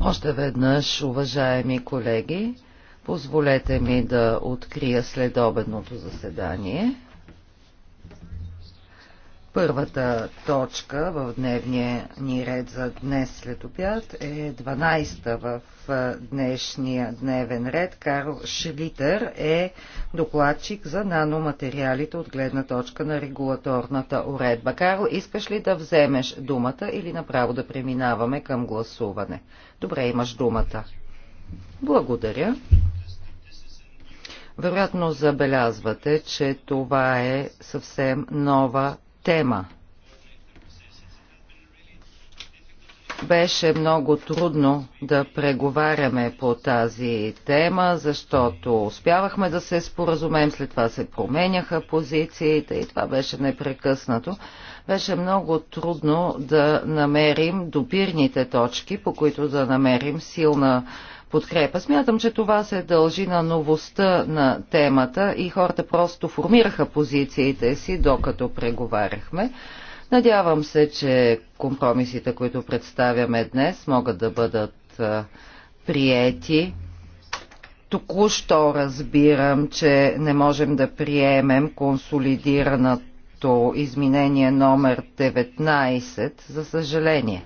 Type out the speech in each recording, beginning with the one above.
Още веднъж, уважаеми колеги, позволете ми да открия следобедното заседание. Първата точка в дневния ни ред за днес след обяд е 12-та в днешния дневен ред. Карл Шелитър е докладчик за наноматериалите от гледна точка на регулаторната уредба. Карл, искаш ли да вземеш думата или направо да преминаваме към гласуване? Добре, имаш думата. Благодаря. Вероятно забелязвате, че това е съвсем нова тема. Беше много трудно да преговаряме по тази тема, защото успявахме да се споразумеем, след това се променяха позициите и това беше непрекъснато. Беше много трудно да намерим допирните точки, по които да намерим силна подкрепа. Смятам, че това се дължи на новостта на темата и хората просто формираха позициите си, докато преговаряхме. Надявам се, че компромисите, които представяме днес, могат да бъдат приети. Току-що разбирам, че не можем да приемем консолидираното изменение номер 19, за съжаление.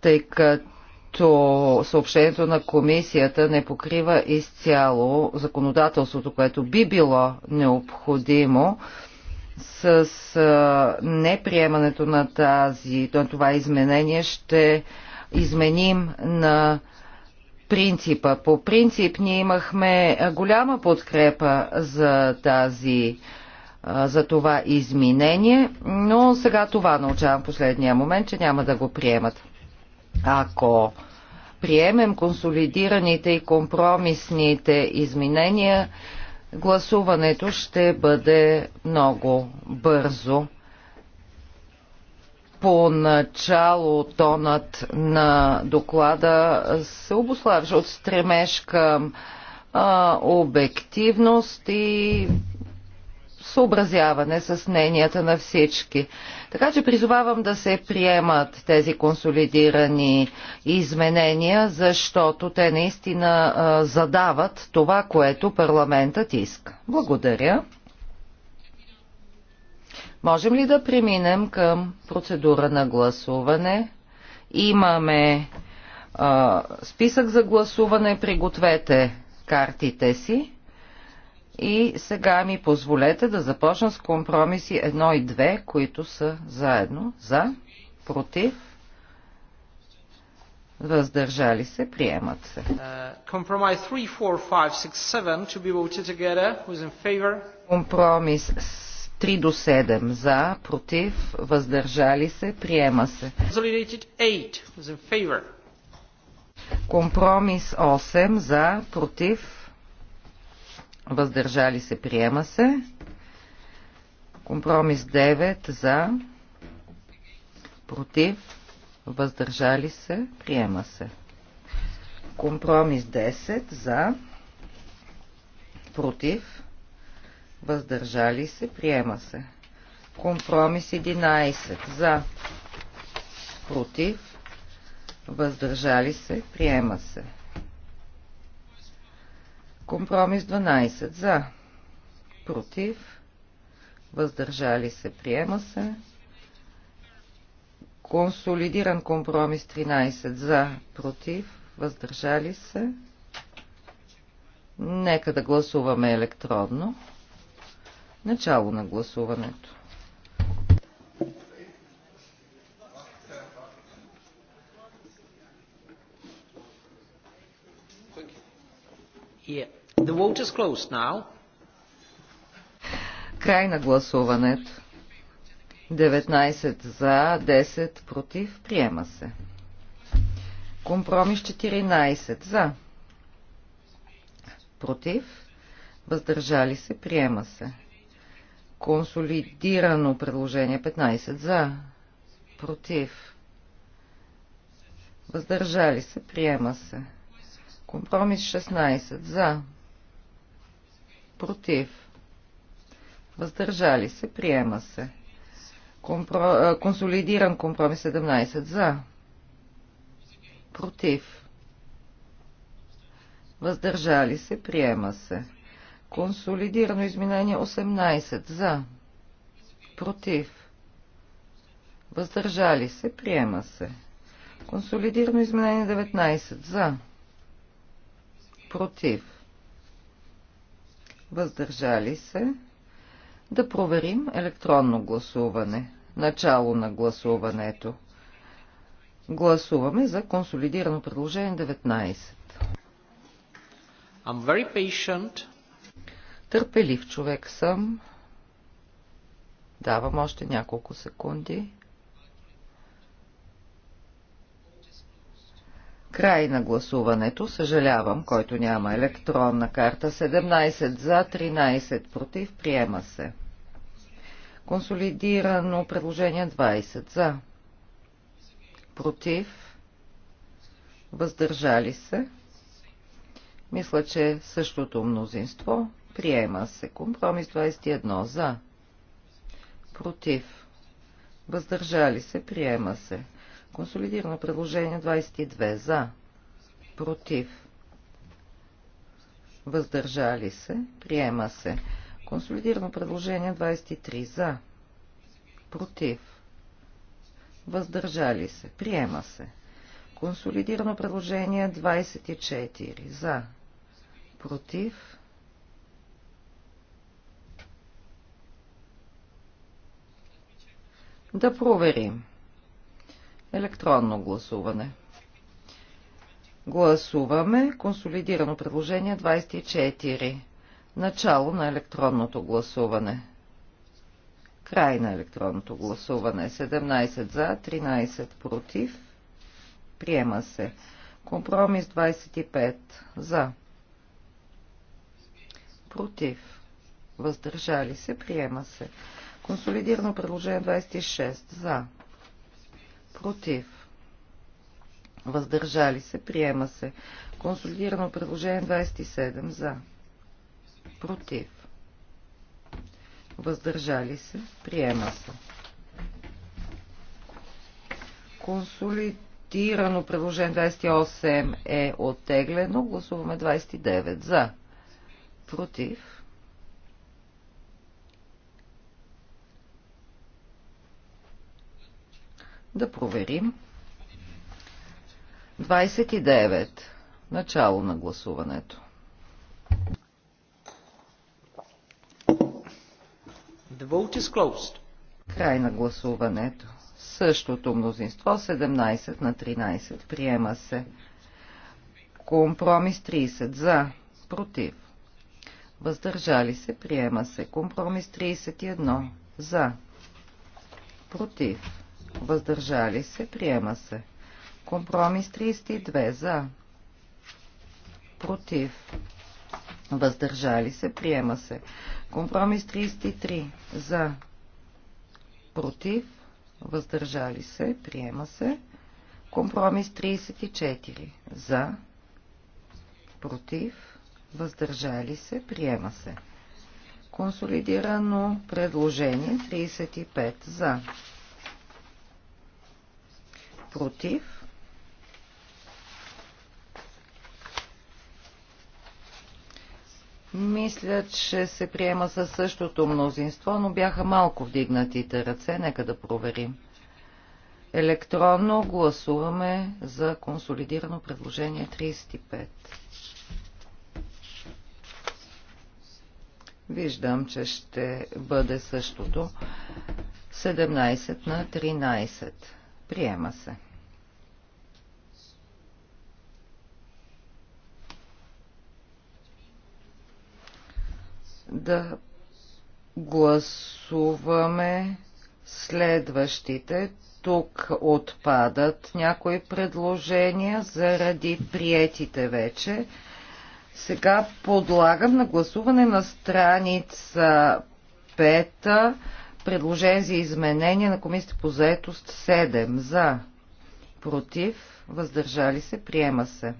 Тъй като докато съобщението на комисията не покрива изцяло законодателството, което би било необходимо с неприемането на, тази, на това изменение ще изменим на принципа. По принцип ние имахме голяма подкрепа за тази за това изменение, но сега това научавам последния момент, че няма да го приемат. Ако приемем консолидираните и компромисните изменения, гласуването ще бъде много бързо. Поначало тонът на доклада се обославяше от стремеж към а, обективност и съобразяване с мненията на всички. Така че призовавам да се приемат тези консолидирани изменения, защото те наистина задават това, което парламентът иска. Благодаря. Можем ли да преминем към процедура на гласуване? Имаме а, списък за гласуване. Пригответе картите си. И сега ми позволете да започна с компромиси 1 и 2, които са заедно. За, против, въздържали се, приемат се. Uh, Компромис 3 до 7 за, против, въздържали се, приема се. Компромис 8 за, против, въздържали се, приема се. Компромис 9 за, против, въздържали се, приема се. Компромис 10 за, против, въздържали се, приема се. Компромис 11 за, против, въздържали се, приема се. Компромис 12 за, против, въздържали се, приема се. Консолидиран компромис 13 за, против, въздържали се. Нека да гласуваме електронно. Начало на гласуването. Yeah. The vote is closed now. Край на гласуването. 19 за, 10 против. Приема се. Компромис 14 за. Против. Въздържали се. Приема се. Консолидирано предложение 15 за. Против. Въздържали се. Приема се. Компромис 16 за против, въздържали се, приема се. Компро... Консолидиран компромис 17 за, против, въздържали се, приема се. Консолидирано изменение 18 за, против, въздържали се, приема се. Консолидирано изменение 19 за, против, въздържали се. Да проверим електронно гласуване. Начало на гласуването. Гласуваме за консолидирано предложение 19. I'm very patient. Търпелив човек съм. Давам още няколко секунди. Край на гласуването. Съжалявам, който няма електронна карта. 17 за, 13 против. Приема се. Консолидирано предложение 20 за. Против. Въздържали се. Мисля, че същото мнозинство. Приема се. Компромис 21 за. Против. Въздържали се. Приема се. Консолидирано предложение 22 за, против, въздържали се, приема се. Консолидирано предложение 23 за, против, въздържали се, приема се. Консолидирано предложение 24 за, против, Да проверим. Електронно гласуване. Гласуваме консолидирано предложение 24. Начало на електронното гласуване. Край на електронното гласуване. 17 за, 13 против. Приема се. Компромис 25 за. Против. Въздържали се. Приема се. Консолидирано предложение 26 за против, въздържали се, приема се. Консолидирано предложение 27 за, против, въздържали се, приема се. Консолидирано предложение 28 е оттеглено, гласуваме 29 за, против, Да проверим. 29. Начало на гласуването. The vote is closed. Край на гласуването. Същото мнозинство 17 на 13. Приема се. Компромис 30. За. Против. Въздържали се. Приема се. Компромис 31. За. Против въздържали се, приема се. Компромис 32 за, против, въздържали се, приема се. Компромис 33 за, против, въздържали се, приема се. Компромис 34 за, против, въздържали се, приема се. Консолидирано предложение 35 за, против. Мисля, че се приема със същото мнозинство, но бяха малко вдигнатите ръце. Нека да проверим. Електронно гласуваме за консолидирано предложение 35. Виждам, че ще бъде същото. 17 на 13. Приема се. Да гласуваме следващите. Тук отпадат някои предложения заради приетите вече. Сега подлагам на гласуване на страница 5 Предложение за изменение на комисията по заетост 7 за, против, въздържали се, приема се.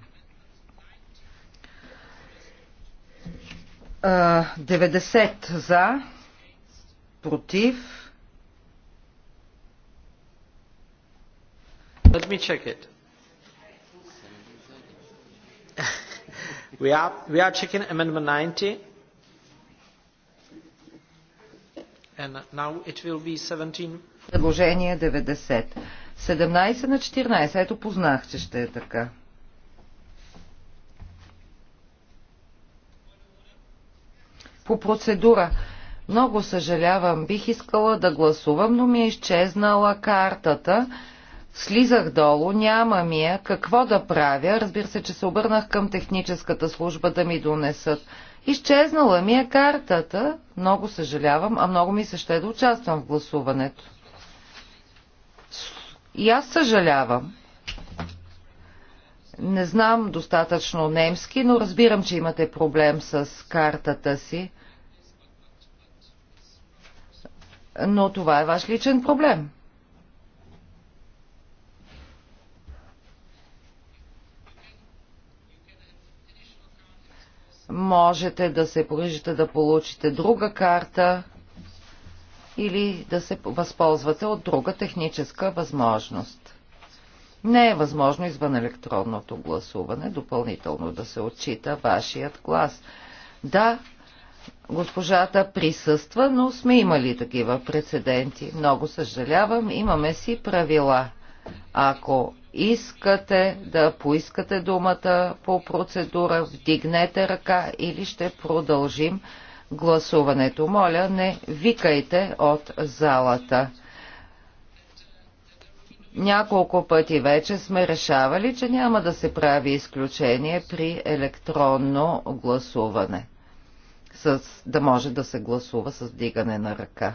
90 за, против. Let me check it. We are, we are checking amendment 90. Предложение 90. 17 на 14. Ето познах, че ще е така. По процедура. Много съжалявам, бих искала да гласувам, но ми е изчезнала картата. Слизах долу, няма ми я. Е. Какво да правя? Разбира се, че се обърнах към техническата служба да ми донесат Изчезнала ми е картата. Много съжалявам, а много ми се ще да участвам в гласуването. И аз съжалявам. Не знам достатъчно немски, но разбирам, че имате проблем с картата си. Но това е ваш личен проблем. можете да се погрижите да получите друга карта или да се възползвате от друга техническа възможност. Не е възможно извън електронното гласуване допълнително да се отчита вашият глас. Да, госпожата присъства, но сме имали такива прецеденти. Много съжалявам, имаме си правила. Ако искате да поискате думата по процедура, вдигнете ръка или ще продължим гласуването. Моля, не викайте от залата. Няколко пъти вече сме решавали, че няма да се прави изключение при електронно гласуване, с, да може да се гласува с дигане на ръка.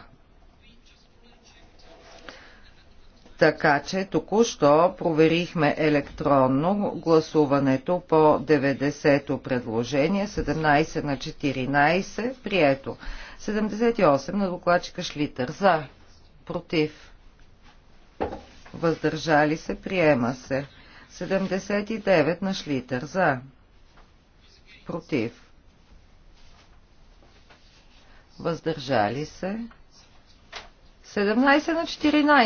Така че току-що проверихме електронно гласуването по 90-то предложение, 17 на 14, прието. 78 на докладчика Шлитър. За. Против. Въздържали се. Приема се. 79 на Шлитър. За. Против. Въздържали се. 17 на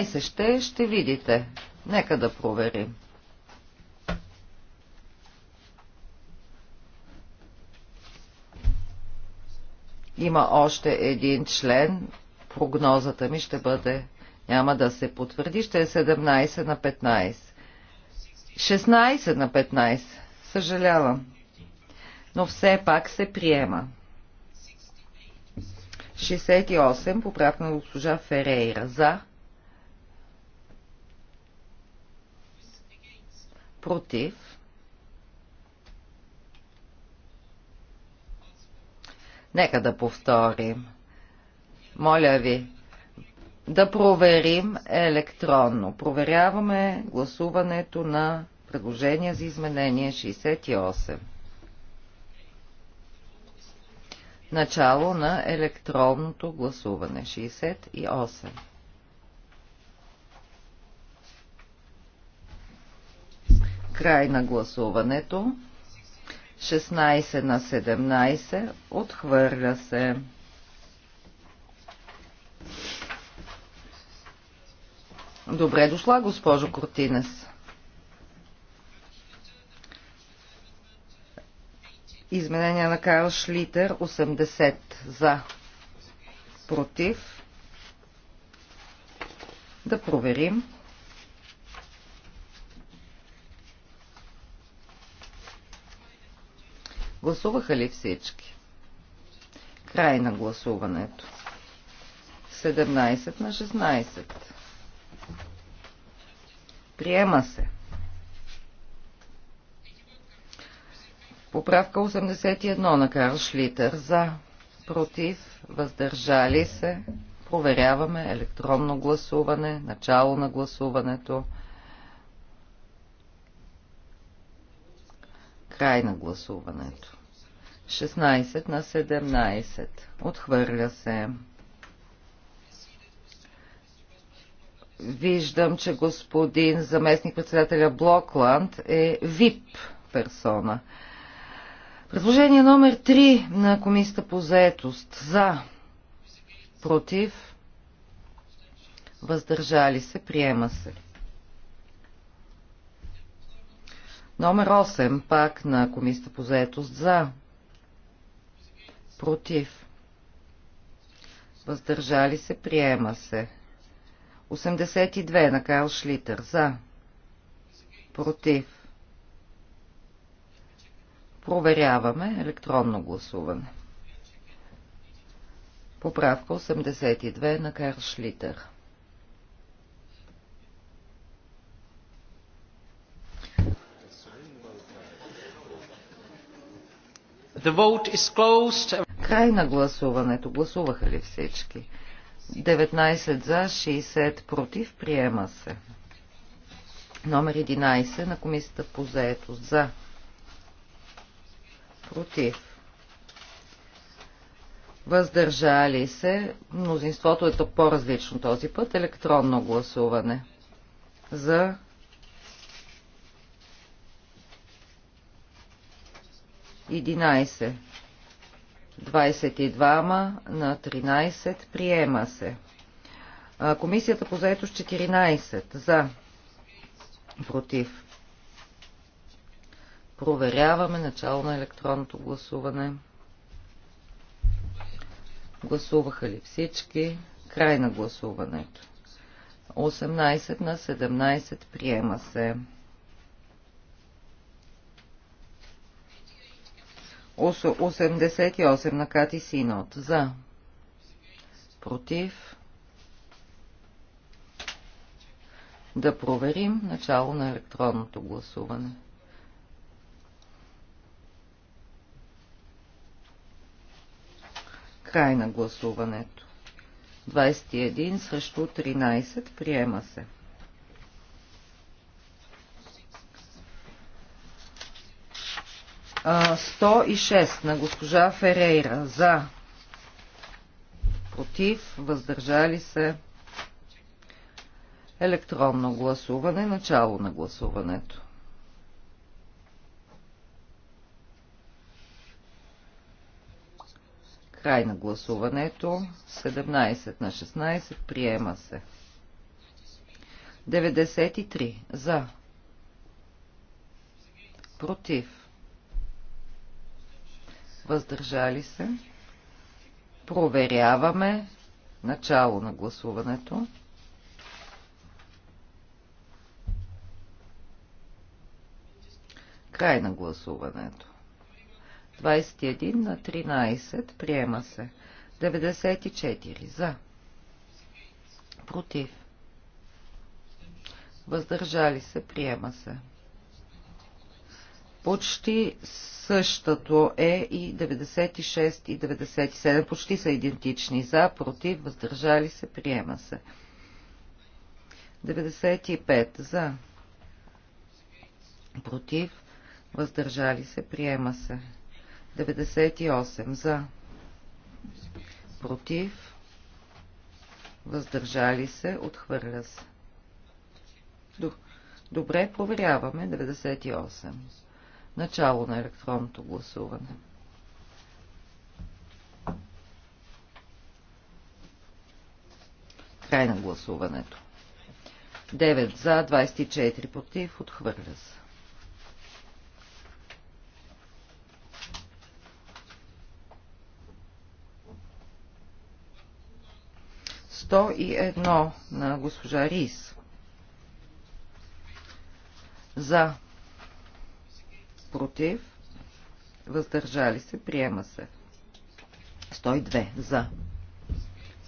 14 ще, ще видите. Нека да проверим. Има още един член. Прогнозата ми ще бъде, няма да се потвърди, ще е 17 на 15. 16 на 15. Съжалявам. Но все пак се приема. 68, поправка на госпожа Ферейра. За. Против. Нека да повторим. Моля ви да проверим електронно. Проверяваме гласуването на предложение за изменение 68. Начало на електронното гласуване. 68. Край на гласуването. 16 на 17. Отхвърля се. Добре дошла, госпожо Кортинес. Изменение на Карл Шлитер 80 за. Против. Да проверим. Гласуваха ли всички? Край на гласуването. 17 на 16. Приема се. Поправка 81 на Карл Шлитър. За, против, въздържали се. Проверяваме електронно гласуване, начало на гласуването, край на гласуването. 16 на 17. Отхвърля се. Виждам, че господин заместник председателя Блокланд е ВИП персона. Предложение номер 3 на комисията по заетост. За. Против. Въздържали се. Приема се. Номер 8 пак на комисията по заетост. За. Против. Въздържали се. Приема се. 82 на Кайл Шлитър. За. Против Проверяваме електронно гласуване. Поправка 82 на Карл Шлитър. The vote is closed. Край на гласуването. Гласуваха ли всички? 19 за, 60 против. Приема се. Номер 11 на комисията по заето за против, въздържали се, мнозинството е по-различно този път, електронно гласуване за единайсе. 22 на 13 приема се. Комисията по заето 14 за против Проверяваме начало на електронното гласуване. Гласуваха ли всички? Край на гласуването. 18 на 17 приема се. 88 на Кати Синот. За. Против. Да проверим начало на електронното гласуване. Край на гласуването. 21 срещу 13. Приема се. Uh, 106 на госпожа Ферейра. За. Против. Въздържали се. Електронно гласуване. Начало на гласуването. Край на гласуването. 17 на 16. Приема се. 93. За. Против. Въздържали се. Проверяваме начало на гласуването. Край на гласуването. 21 на 13. Приема се. 94. За. Против. Въздържали се. Приема се. Почти същото е и 96 и 97. Почти са идентични. За, против, въздържали се, приема се. 95. За. Против. Въздържали се. Приема се. 98 за, против, въздържали се, отхвърля се. Добре, проверяваме 98. Начало на електронното гласуване. Край на гласуването. 9 за, 24 против, отхвърля се. 101 на госпожа Рис. За. Против. Въздържали се. Приема се. 102. За.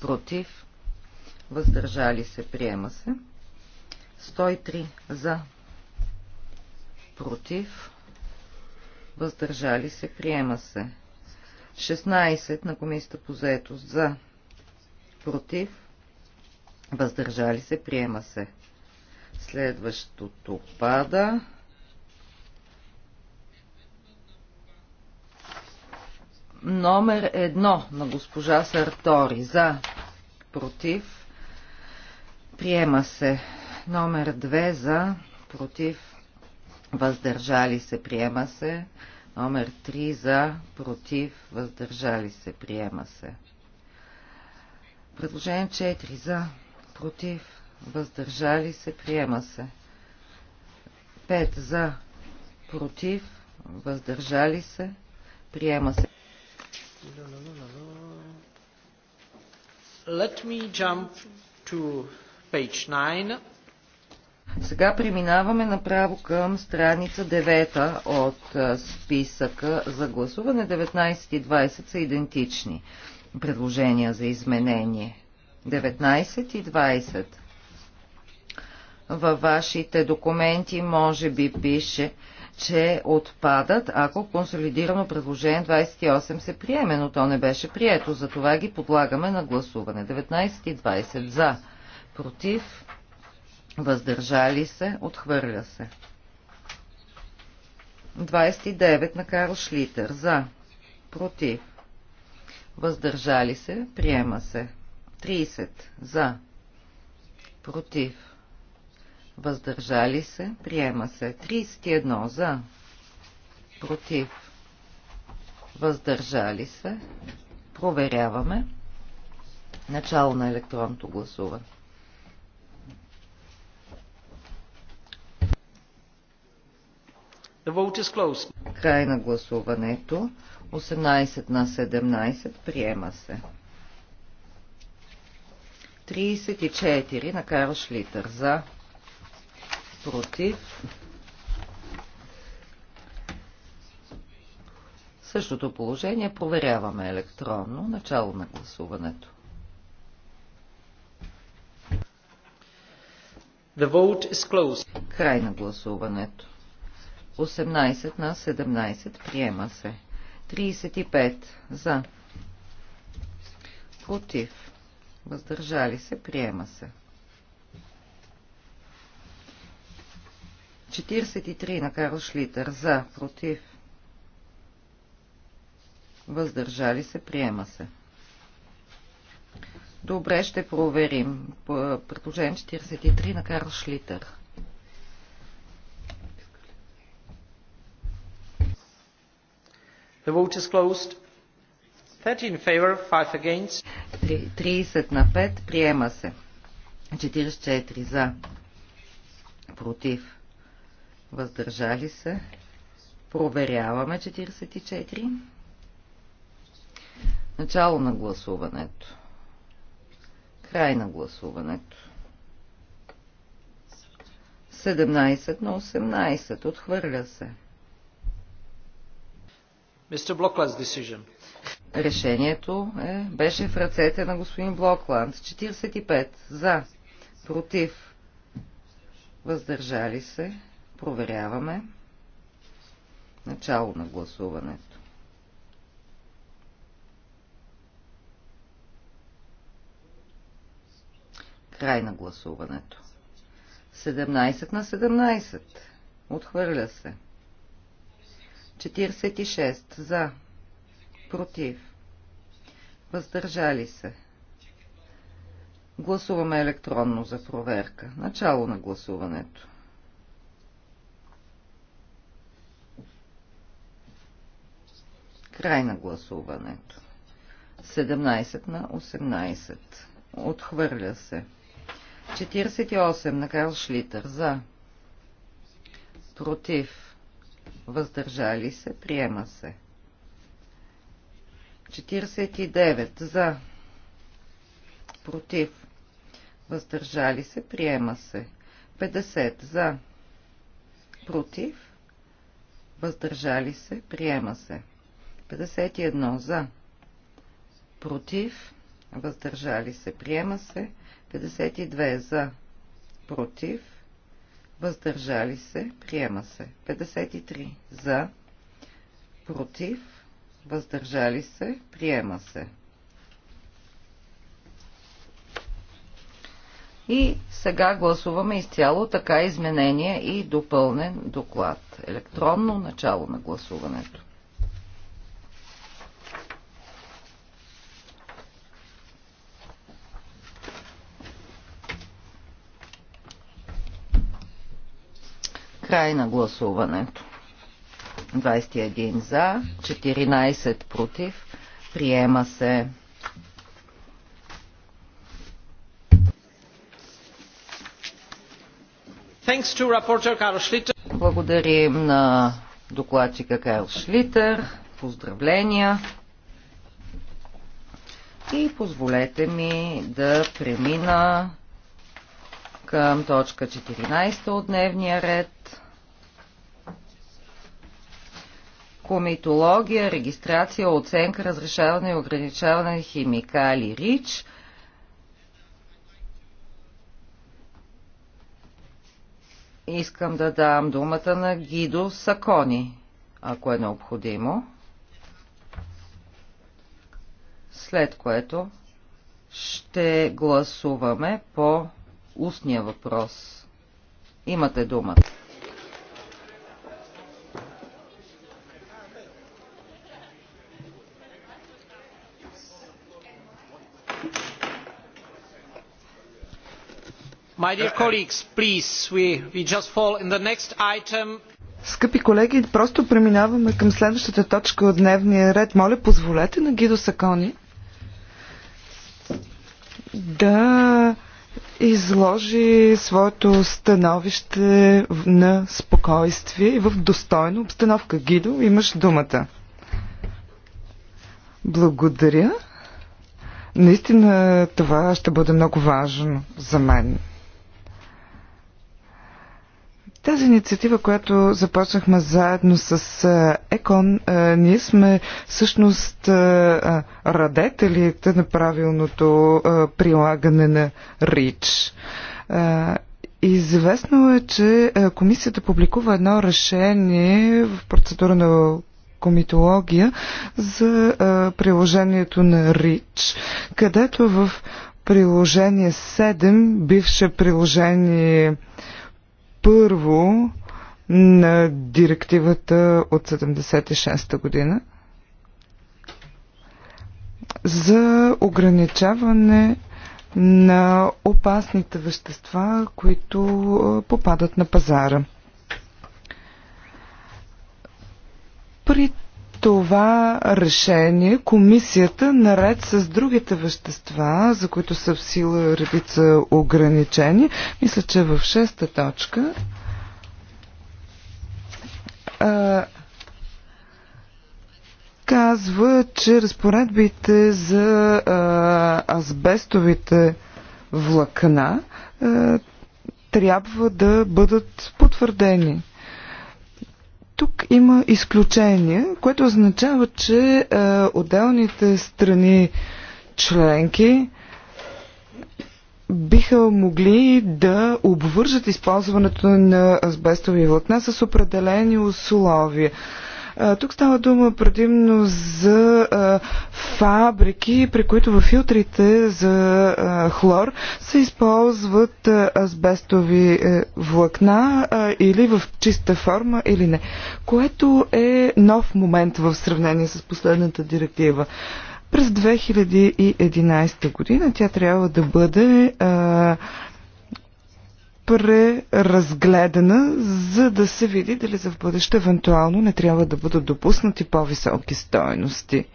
Против. Въздържали се. Приема се. 103. За. Против. Въздържали се. Приема се. 16 на комисията по заетост. За. Против въздържали се, приема се. Следващото пада. Номер едно на госпожа Сартори. За, против, приема се. Номер две за, против, въздържали се, приема се. Номер 3 за, против, въздържали се, приема се. Предложение 4 за, против, въздържали се, приема се. 5 за, против, въздържали се, приема се. Let me jump to page 9. Сега преминаваме направо към страница 9 от списъка за гласуване. 19 и 20 са идентични предложения за изменение. 19 и 20. Във вашите документи може би пише, че отпадат, ако консолидирано предложение 28 се приеме, но то не беше прието. Затова ги подлагаме на гласуване. 19 и 20 за, против, въздържали се, отхвърля се. 29 на Карл Шлитер за, против, въздържали се, приема се. 30 за, против, въздържали се, приема се. 31 за, против, въздържали се, проверяваме. Начало на електронното гласуване. The vote is closed. Край на гласуването. 18 на 17 приема се. 34 на Карл Шлитър. За. Против. Същото положение проверяваме електронно. Начало на гласуването. The vote is closed. Край на гласуването. 18 на 17 приема се. 35 за. Против въздържали се, приема се. 43 на Карл Шлитър, за, против, въздържали се, приема се. Добре, ще проверим. Предложение 43 на Карл Шлитър. The vote is closed. 30 in favor, 5 against. 30 на 5 приема се. 44 за. Против. Въздържали се. Проверяваме 44. Начало на гласуването. Край на гласуването. 17 на 18. Отхвърля се. Mr. Blockland's decision. Решението е, беше в ръцете на господин Блокланд. 45 за, против, въздържали се. Проверяваме. Начало на гласуването. Край на гласуването. 17 на 17. Отхвърля се. 46 за, против, въздържали се. Гласуваме електронно за проверка. Начало на гласуването. Край на гласуването. 17 на 18. Отхвърля се. 48 на Карл Шлитър. За. Против. Въздържали се. Приема се. 49 за, против, въздържали се, приема се. 50 за, против, въздържали се, приема се. 51 за, против, въздържали се, приема се. 52 за, против, въздържали се, приема се. 53 за, против, въздържали се, приема се. И сега гласуваме изцяло така изменение и допълнен доклад. Електронно начало на гласуването. Край на гласуването. 21 за, 14 против. Приема се. Благодарим на докладчика Карл Шлитер. Поздравления! И позволете ми да премина към точка 14 от дневния ред. комитология, регистрация, оценка, разрешаване и ограничаване на химикали РИЧ. Искам да дам думата на Гидо Сакони, ако е необходимо. След което ще гласуваме по устния въпрос. Имате думата. Скъпи колеги, просто преминаваме към следващата точка от дневния ред. Моля, позволете на Гидо Сакони да изложи своето становище на спокойствие и в достойна обстановка. Гидо, имаш думата. Благодаря. Наистина това ще бъде много важно за мен. Тази инициатива, която започнахме заедно с ЕКОН, ние сме всъщност радетелите на правилното прилагане на РИЧ. Известно е, че комисията публикува едно решение в процедура на комитология за приложението на РИЧ, където в приложение 7, бивше приложение първо на директивата от 76-та година за ограничаване на опасните вещества, които попадат на пазара. При това решение комисията, наред с другите вещества, за които са в сила редица ограничени, мисля, че в шеста точка а, казва, че разпоредбите за а, азбестовите влакна а, трябва да бъдат потвърдени. Тук има изключение, което означава, че е, отделните страни членки биха могли да обвържат използването на азбестови влакна с определени условия. Тук става дума предимно за фабрики, при които в филтрите за хлор се използват азбестови е, влакна или в чиста форма или не, което е нов момент в сравнение с последната директива. През 2011 година тя трябва да бъде а, преразгледана, за да се види дали за в бъдеще евентуално не трябва да бъдат допуснати по-високи стоености.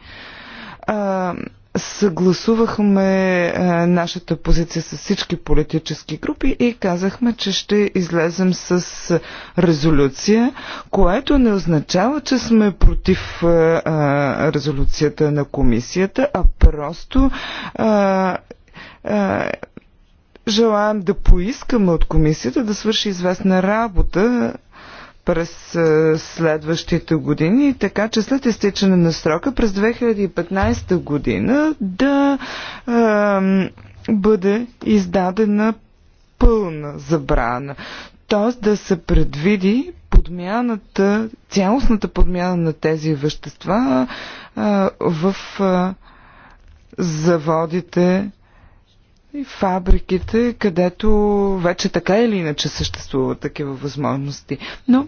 А, съгласувахме а, нашата позиция с всички политически групи и казахме, че ще излезем с резолюция, което не означава, че сме против а, резолюцията на комисията, а просто а, желаем да поискаме от комисията да свърши известна работа през е, следващите години, така че след изтичане на срока през 2015 година да е, бъде издадена пълна забрана. Т.е. да се предвиди подмяната, цялостната подмяна на тези вещества е, в е, заводите и фабриките, където вече така или иначе съществуват такива възможности. Но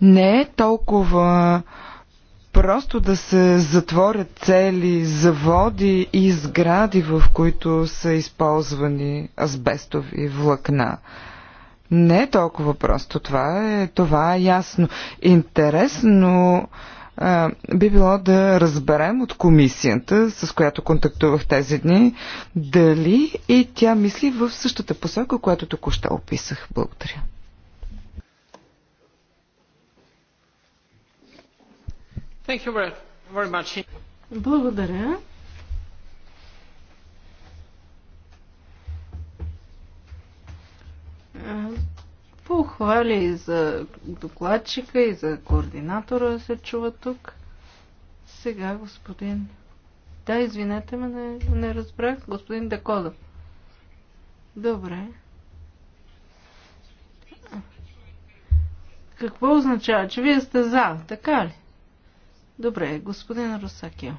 не е толкова просто да се затворят цели заводи и сгради, в които са използвани азбестови влакна. Не е толкова просто. Това е, това е ясно. Интересно би било да разберем от комисията, с която контактувах тези дни, дали и тя мисли в същата посока, която току-що описах. Благодаря. Благодаря. похвали и за докладчика, и за координатора да се чува тук. Сега господин... Да, извинете ме, не, не разбрах. Господин Декода. Добре. Какво означава, че вие сте за, така ли? Добре, господин Русакио.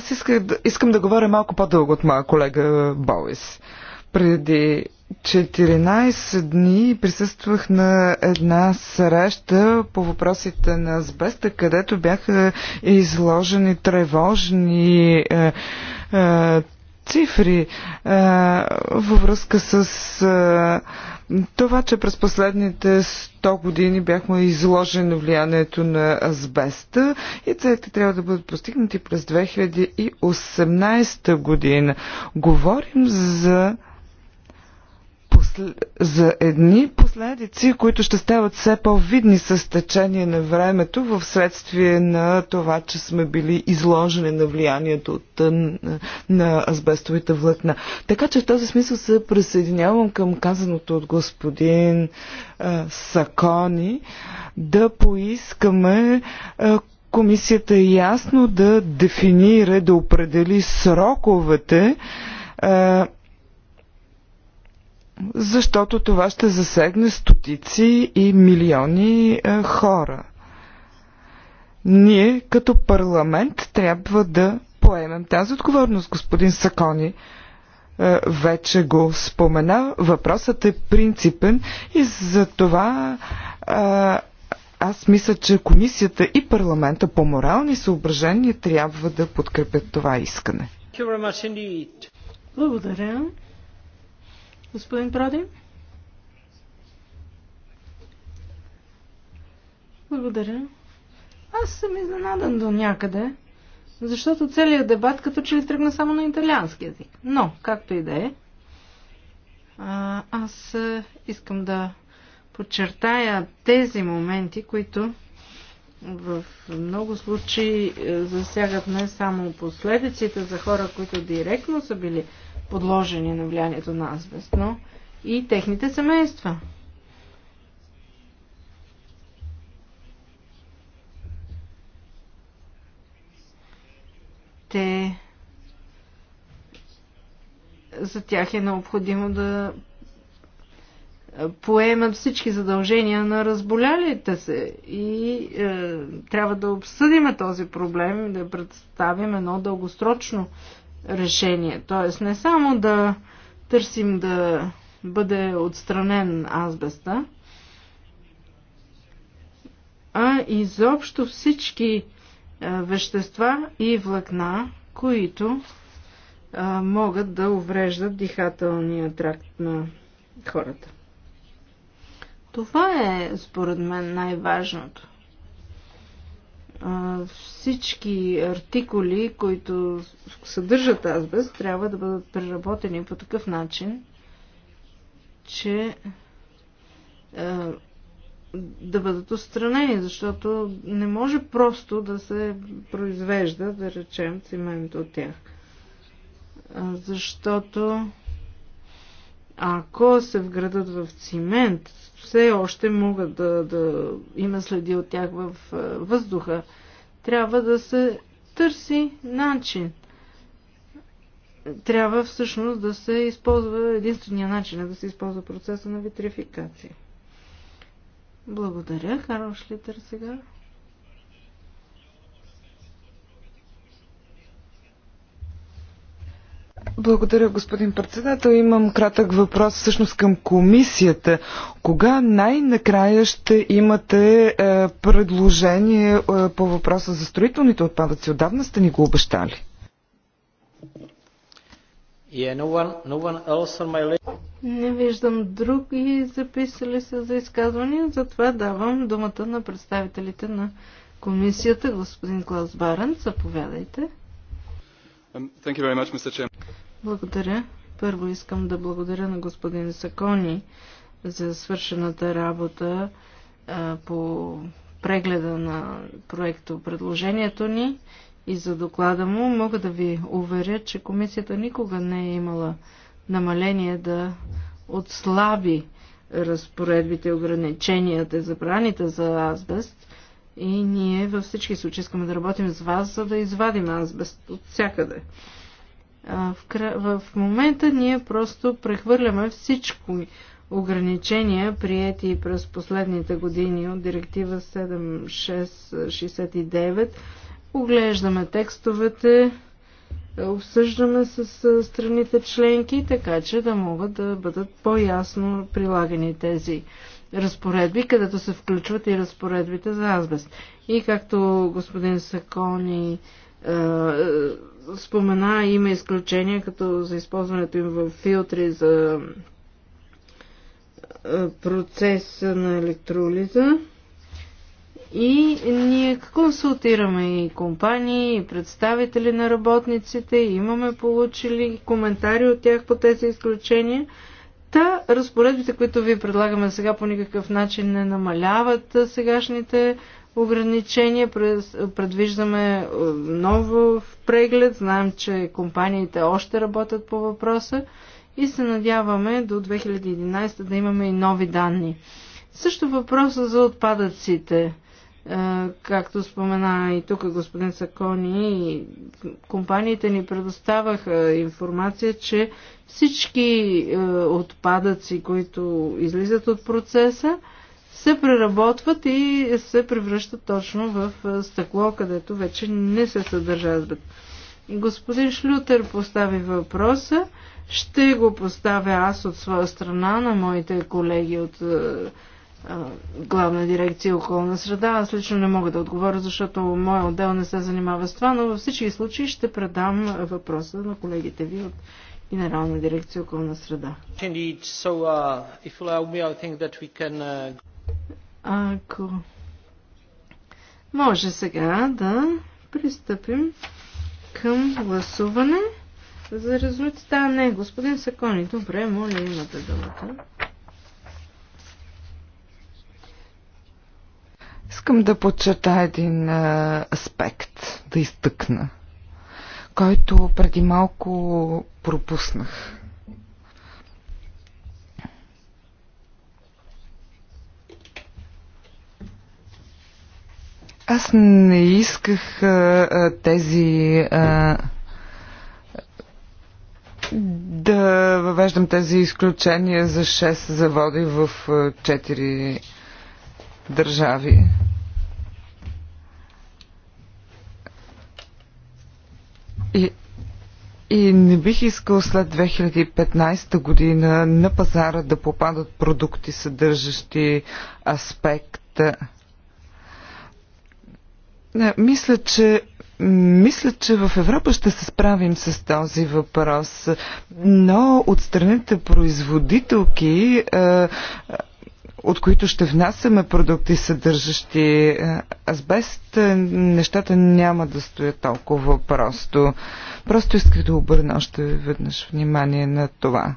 Аз иска, искам да говоря малко по-дълго от моя колега Боис. Преди 14 дни присъствах на една среща по въпросите на азбеста, където бяха изложени тревожни е, е, цифри е, във връзка с е, това, че през последните 100 години бяхме изложени влиянието на азбеста и целите трябва да бъдат постигнати през 2018 година. Говорим за за едни последици, които ще стават все по-видни с течение на времето, в следствие на това, че сме били изложени на влиянието от, на азбестовите влакна. Така че в този смисъл се присъединявам към казаното от господин а, Сакони да поискаме а, комисията ясно да дефинира, да определи сроковете а, защото това ще засегне стотици и милиони е, хора. Ние като парламент трябва да поемем тази отговорност, господин Сакони. Е, вече го спомена, въпросът е принципен и за това е, аз мисля, че комисията и парламента по морални съображения трябва да подкрепят това искане. Благодаря. Господин Проди? Благодаря. Аз съм изненадан до някъде, защото целият дебат като че ли тръгна само на италиански язик. Но, както и да е, аз искам да подчертая тези моменти, които в много случаи е, засягат не само последиците за хора, които директно са били подложени на влиянието на азбест, но и техните семейства. Те за тях е необходимо да поемат всички задължения на разболялите се и е, трябва да обсъдим този проблем, да представим едно дългосрочно решение. Тоест не само да търсим да бъде отстранен азбеста, а изобщо всички е, вещества и влакна, които е, могат да увреждат дихателния тракт на хората. Това е, според мен, най-важното всички артикули, които съдържат азбест, трябва да бъдат преработени по такъв начин, че да бъдат отстранени, защото не може просто да се произвежда, да речем, цимент от тях. Защото ако се вградат в цимент, все още могат да, да има следи от тях в въздуха. Трябва да се търси начин. Трябва всъщност да се използва единствения начин, да се използва процеса на витрификация. Благодаря, Карл Шлитър сега. Благодаря, господин председател. Имам кратък въпрос всъщност към комисията. Кога най-накрая ще имате е, предложение е, по въпроса за строителните отпадъци? Отдавна сте ни го обещали. Yeah, no one, no one else on my list. Не виждам други записали се за изказвания, затова давам думата на представителите на комисията, господин Клаус Барен. Заповядайте. Um, благодаря. Първо искам да благодаря на господин Сакони за свършената работа по прегледа на проекто предложението ни и за доклада му. Мога да ви уверя, че комисията никога не е имала намаление да отслаби разпоредбите, ограниченията, забраните за азбест и ние във всички случаи искаме да работим с вас, за да извадим азбест от всякъде. В, кра... в момента ние просто прехвърляме всичко ограничения, приети през последните години от директива 7669. Оглеждаме текстовете, обсъждаме с страните членки, така че да могат да бъдат по-ясно прилагани тези разпоредби, където се включват и разпоредбите за азбест. И както господин Сакони е, е спомена, има изключения като за използването им в филтри за е, процеса на електролиза. И ние консултираме и компании, и представители на работниците, имаме получили коментари от тях по тези изключения – Та разпоредбите, които ви предлагаме сега по никакъв начин не намаляват сегашните ограничения. Предвиждаме ново преглед. Знаем, че компаниите още работят по въпроса и се надяваме до 2011 да имаме и нови данни. Също въпроса за отпадъците – както спомена и тук господин Сакони, компаниите ни предоставаха информация, че всички е, отпадъци, които излизат от процеса, се преработват и се превръщат точно в е, стъкло, където вече не се съдържа азбет. Господин Шлютер постави въпроса. Ще го поставя аз от своя страна на моите колеги от е, главна дирекция околна среда. Аз лично не мога да отговоря, защото моя отдел не се занимава с това, но във всички случаи ще предам въпроса на колегите ви от Генерална дирекция околна среда. Uh, uh, Ако може сега да пристъпим към гласуване за резултата. Не, господин Сакони, добре, моля имате думата. Искам да подчерта един а, аспект, да изтъкна, който преди малко пропуснах. Аз не исках а, а, тези. А, да въвеждам тези изключения за 6 заводи в 4 държави. И, и не бих искал след 2015 година на пазара да попадат продукти, съдържащи аспект. мисля, че мисля, че в Европа ще се справим с този въпрос, но от страните производителки е, от които ще внасяме продукти, съдържащи е, азбест, е, нещата няма да стоят толкова просто. Просто исках да обърна още веднъж внимание на това.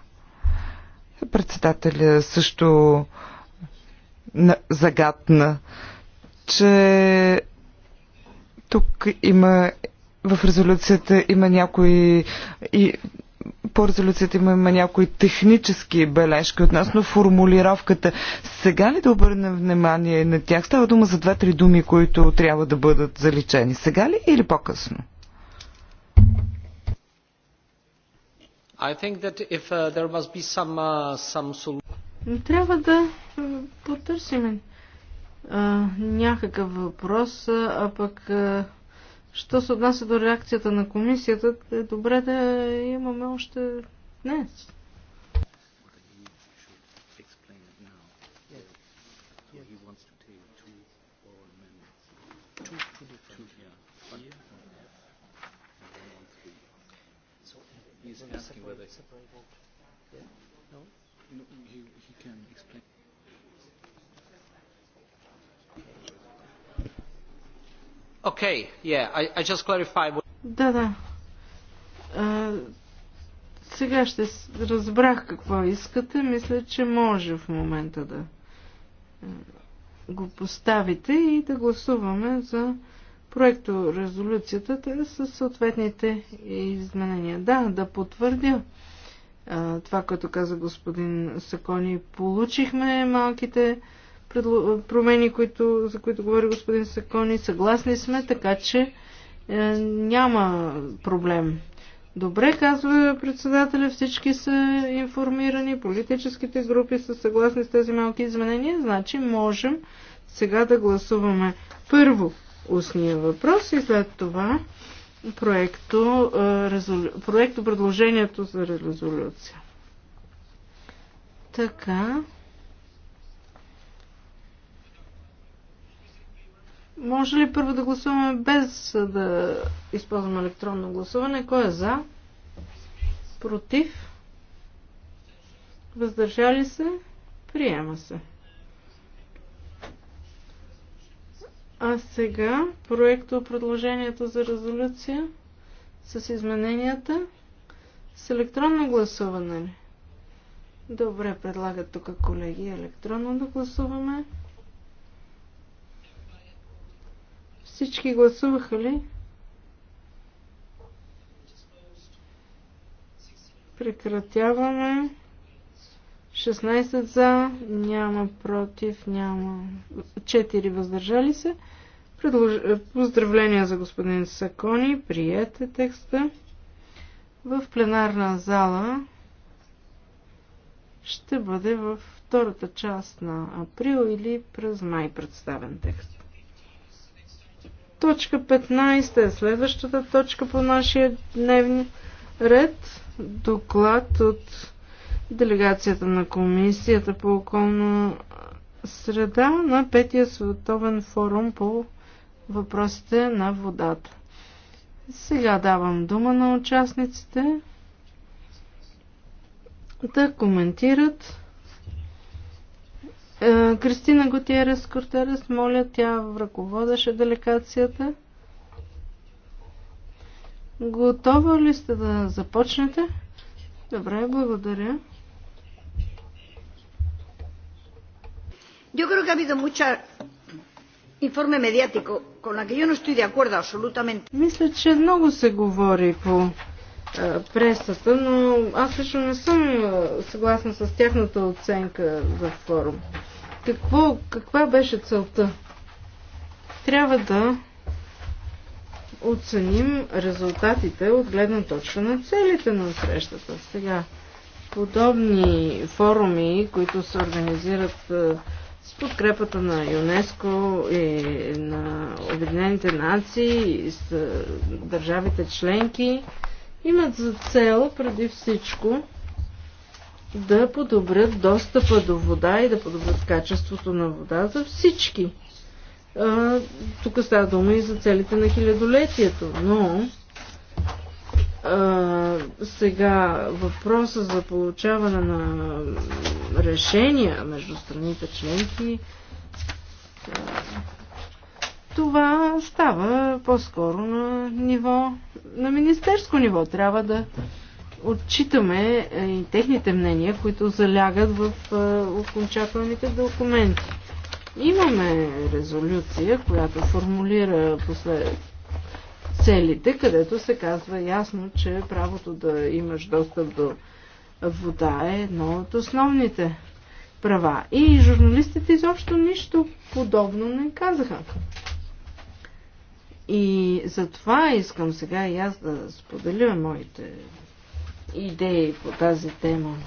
Председателя също загадна, че тук има в резолюцията има някои и по резолюцията има, има някои технически бележки относно формулировката. Сега ли да обърнем внимание на тях? Става дума за две-три думи, които трябва да бъдат заличени. Сега ли или по-късно? Uh, uh, трябва да потърсим някакъв въпрос, а пък Що се отнася до реакцията на комисията, е добре да имаме още днес. Okay, yeah, I, I just clarify... Да, да. А, сега ще разбрах какво искате. Мисля, че може в момента да го поставите и да гласуваме за проекто резолюцията с съответните изменения. Да, да потвърдя а, това, което каза господин Сакони. Получихме малките промени, които, за които говори господин Сакони. Съгласни сме, така че е, няма проблем. Добре, казва председателя, всички са информирани, политическите групи са съгласни с тези малки изменения, значи можем сега да гласуваме първо устния въпрос и след това проекто, е, резолю... проекто предложението за резолюция. Така. Може ли първо да гласуваме без да използваме електронно гласуване? Кой е за? Против? Въздържали се? Приема се. А сега проекто предложението за резолюция с измененията с електронно гласуване ли? Добре, предлагат тук колеги електронно да гласуваме. Всички гласуваха ли? Прекратяваме. 16 за, няма против, няма 4 въздържали се. Предлож... Е, поздравления за господин Сакони. Приете текста. В пленарна зала ще бъде във втората част на април или през май представен текст. Точка 15 е следващата точка по нашия дневен ред. Доклад от делегацията на Комисията по околна среда на Петия световен форум по въпросите на водата. Сега давам дума на участниците да коментират е, Кристина Готиерес Кортерес, моля, тя ръководеше делегацията. Готова ли сте да започнете? Добре, благодаря. Yo creo que ha habido mucha informe mediático con la que yo no estoy de acuerdo absolutamente. Мисля, че много се говори по е, пресата, но аз лично не съм е, съгласна с тяхната оценка за форум. Какво, каква беше целта? Трябва да оценим резултатите от гледна точка на целите на срещата. Сега, подобни форуми, които се организират е, с подкрепата на ЮНЕСКО и на Обединените нации и с е, държавите членки, имат за цел преди всичко да подобрят достъпа до вода и да подобрят качеството на вода за всички. Тук става дума и за целите на хилядолетието, но а, сега въпроса за получаване на решения между страните членки, това става по-скоро на ниво, на министерско ниво. Трябва да отчитаме е, и техните мнения, които залягат в е, окончателните документи. Имаме резолюция, която формулира послед... целите, където се казва ясно, че правото да имаш достъп до вода е едно от основните права. И журналистите изобщо нищо подобно не казаха. И затова искам сега и аз да споделя моите идеи по тази тема.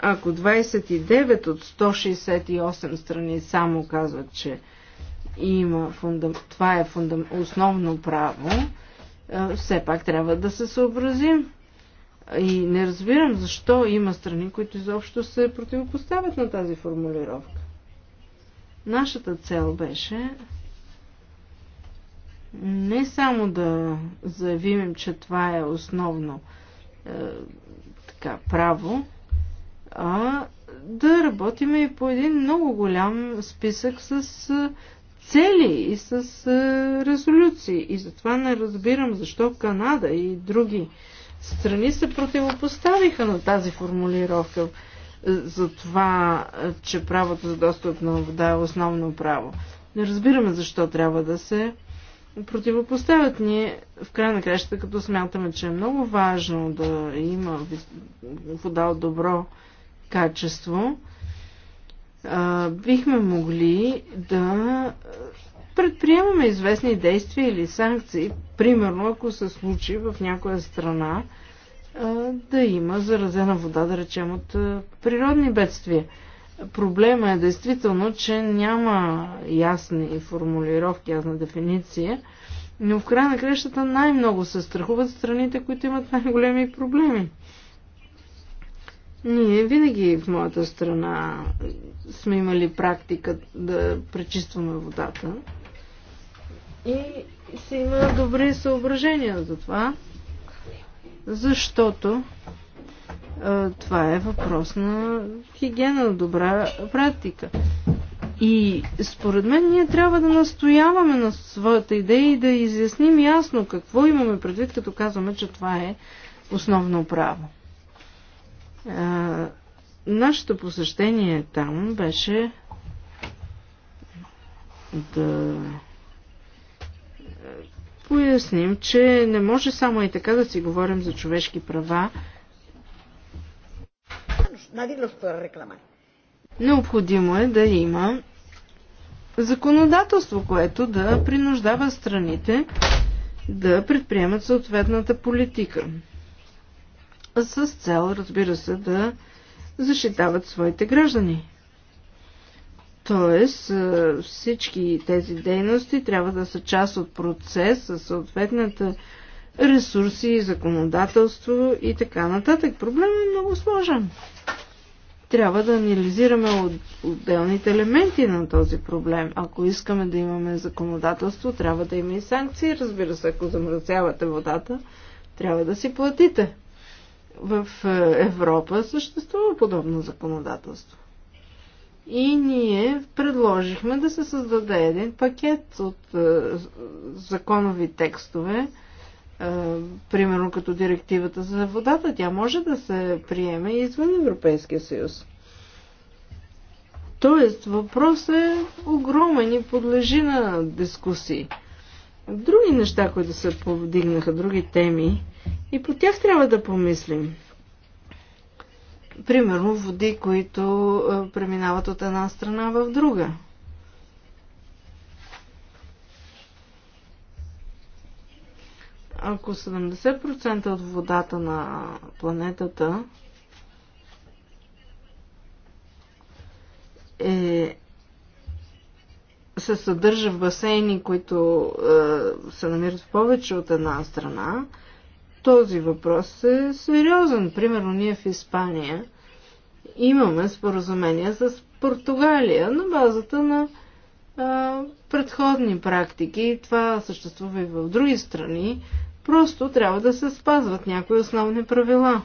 Ако 29 от 168 страни само казват, че има фундам... това е фундам... основно право, е, все пак трябва да се съобразим. И не разбирам защо има страни, които изобщо се противопоставят на тази формулировка. Нашата цел беше не само да заявим, че това е основно е, така, право, а да работиме и по един много голям списък с е, цели и с е, резолюции. И затова не разбирам защо Канада и други страни се противопоставиха на тази формулировка за това, че правото за достъп на вода е основно право. Не разбираме защо трябва да се противопоставят ни в край на кращата, като смятаме, че е много важно да има вода от добро качество, бихме могли да предприемаме известни действия или санкции, примерно ако се случи в някоя страна да има заразена вода, да речем, от природни бедствия. Проблема е действително, че няма ясни формулировки, ясна дефиниция, но в края на крещата най-много се страхуват страните, които имат най-големи проблеми. Ние винаги в моята страна сме имали практика да пречистваме водата и се има добри съображения за това, защото това е въпрос на хигиена, добра практика. И според мен ние трябва да настояваме на своята идея и да изясним ясно какво имаме предвид, като казваме, че това е основно право. А, нашето посещение там беше да поясним, че не може само и така да си говорим за човешки права, Nadie los puede reclamar. Необходимо е да има законодателство, което да принуждава страните да предприемат съответната политика. С цел, разбира се, да защитават своите граждани. Тоест, е, всички тези дейности трябва да са част от процес със съответната ресурси, законодателство и така нататък. Проблемът е много сложен трябва да анализираме от, отделните елементи на този проблем. Ако искаме да имаме законодателство, трябва да има и санкции. Разбира се, ако замръзявате водата, трябва да си платите. В е, Европа съществува подобно законодателство. И ние предложихме да се създаде един пакет от е, законови текстове, е, примерно като директивата за водата, тя може да се приеме и извън Европейския съюз. Тоест, въпрос е огромен и подлежи на дискусии. Други неща, които се повдигнаха, други теми, и по тях трябва да помислим. Примерно води, които е, преминават от една страна в друга. Ако 70% от водата на планетата е, се съдържа в басейни, които е, се намират в повече от една страна, този въпрос е сериозен. Примерно ние в Испания имаме споразумение с Португалия на базата на е, предходни практики. Това съществува и в други страни. Просто трябва да се спазват някои основни правила.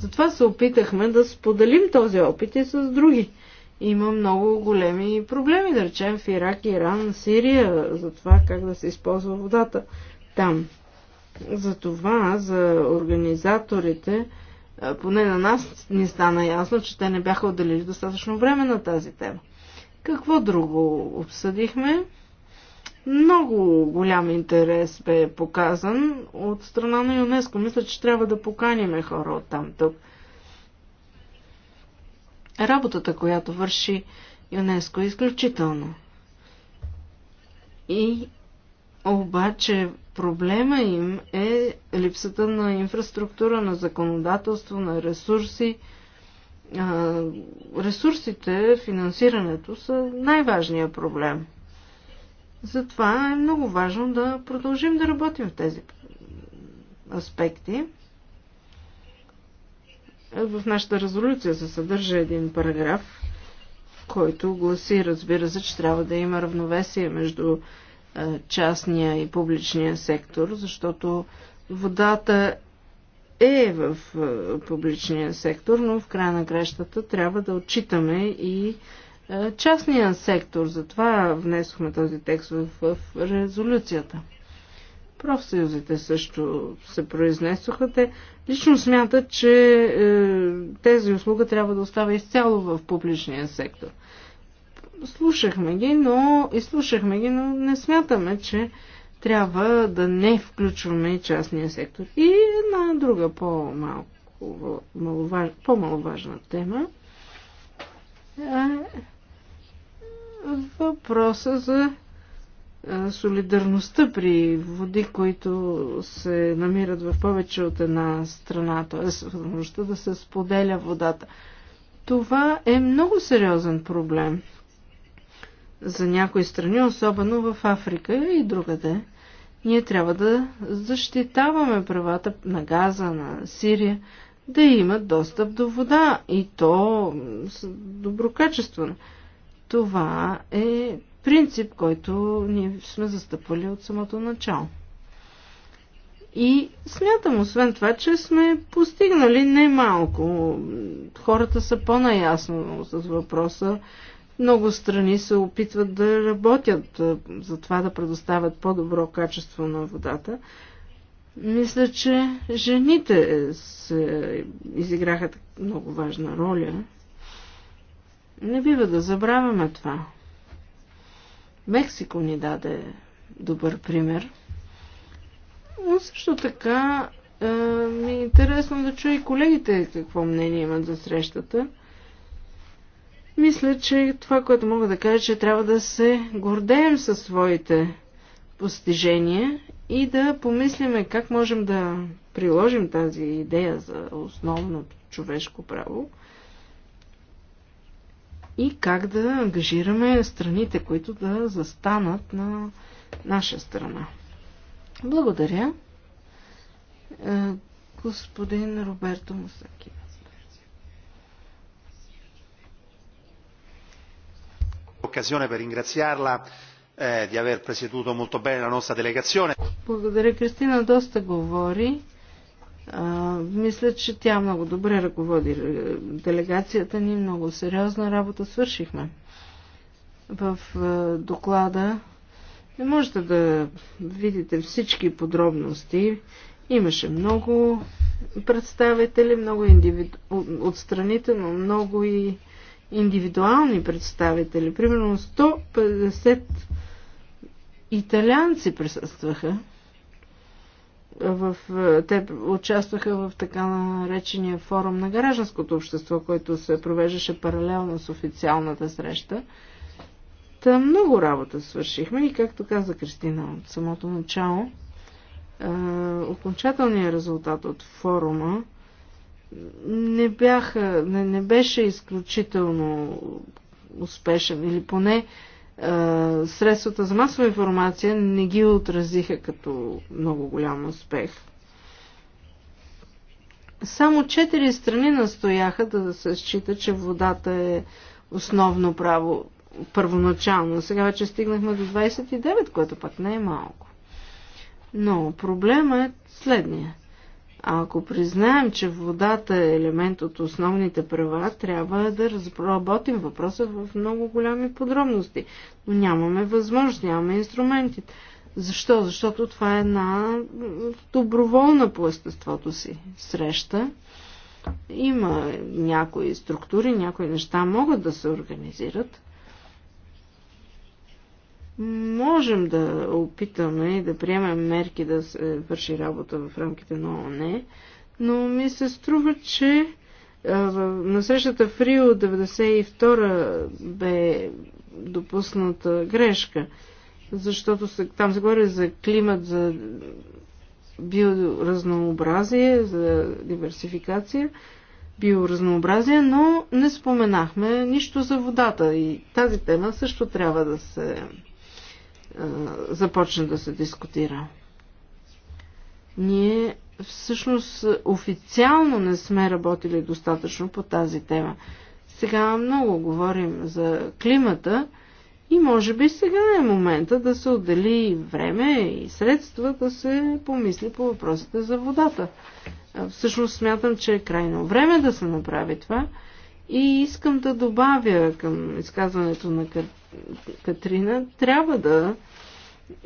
Затова се опитахме да споделим този опит и с други. Има много големи проблеми, да речем в Ирак, Иран, Сирия, за това как да се използва водата там. Затова за организаторите, поне на нас ни стана ясно, че те не бяха отделили достатъчно време на тази тема. Какво друго обсъдихме? Много голям интерес бе показан от страна на ЮНЕСКО. Мисля, че трябва да поканиме хора от там тук. Работата, която върши ЮНЕСКО е изключително. И обаче проблема им е липсата на инфраструктура, на законодателство, на ресурси. ресурсите, финансирането са най-важният проблем. Затова е много важно да продължим да работим в тези аспекти. В нашата резолюция се съдържа един параграф, който гласи, разбира се, че трябва да има равновесие между частния и публичния сектор, защото водата е в публичния сектор, но в края на кращата трябва да отчитаме и е, частния сектор. Затова внесохме този текст в, в резолюцията. Профсъюзите също се произнесоха. Те лично смятат, че е, тези услуга трябва да остава изцяло в публичния сектор. Слушахме ги, но и слушахме ги, но не смятаме, че трябва да не включваме частния сектор. И една друга по-малко, по-маловажна тема е въпроса за солидарността при води, които се намират в повече от една страна, т.е. възможността да се споделя водата. Това е много сериозен проблем за някои страни, особено в Африка и другаде. Ние трябва да защитаваме правата на Газа, на Сирия, да имат достъп до вода и то доброкачествено. Това е принцип, който ние сме застъпвали от самото начало. И смятам, освен това, че сме постигнали немалко. Хората са по-наясно с въпроса. Много страни се опитват да работят за това да предоставят по-добро качество на водата. Мисля, че жените се изиграха много важна роля не бива да забравяме това. Мексико ни даде добър пример. Но също така е, ми е интересно да чуя и колегите какво мнение имат за срещата. Мисля, че това, което мога да кажа, е, че трябва да се гордеем със своите постижения и да помислиме как можем да приложим тази идея за основното човешко право – и как да ангажираме страните, които да застанат на наша страна. Благодаря. Е, господин Роберто Мусаки. Occasione per ringraziarla eh, di aver presieduto molto bene la nostra delegazione. Благодаря, Кристина. Доста говори. А, мисля, че тя много добре ръководи е, делегацията ни, много сериозна работа свършихме. В а, е, доклада не можете да видите всички подробности. Имаше много представители, много индивиду... от страните, но много и индивидуални представители. Примерно 150 италианци присъстваха в, те участваха в така наречения форум на гражданското общество, който се провеждаше паралелно с официалната среща. Та много работа свършихме и както каза Кристина от самото начало, е, окончателният резултат от форума не, бяха, не, не беше изключително успешен или поне е, средствата за масова информация не ги отразиха като много голям успех. Само четири страни настояха да се счита, че водата е основно право първоначално. Сега вече стигнахме до 29, което пък не е малко. Но проблема е следния. А ако признаем, че водата е елемент от основните права, трябва да разработим въпроса в много голями подробности. Но нямаме възможност, нямаме инструменти. Защо? Защото това е една доброволна по естеството си среща. Има някои структури, някои неща могат да се организират, можем да опитаме и да приемем мерки да се върши работа в рамките на ООН, но ми се струва, че на срещата в Рио 92 бе допусната грешка, защото там се говори за климат, за биоразнообразие, за диверсификация, биоразнообразие, но не споменахме нищо за водата и тази тема също трябва да се започна да се дискутира. Ние всъщност официално не сме работили достатъчно по тази тема. Сега много говорим за климата и може би сега е момента да се отдели време и средства да се помисли по въпросите за водата. Всъщност смятам, че е крайно време да се направи това и искам да добавя към изказването на Катрина, трябва да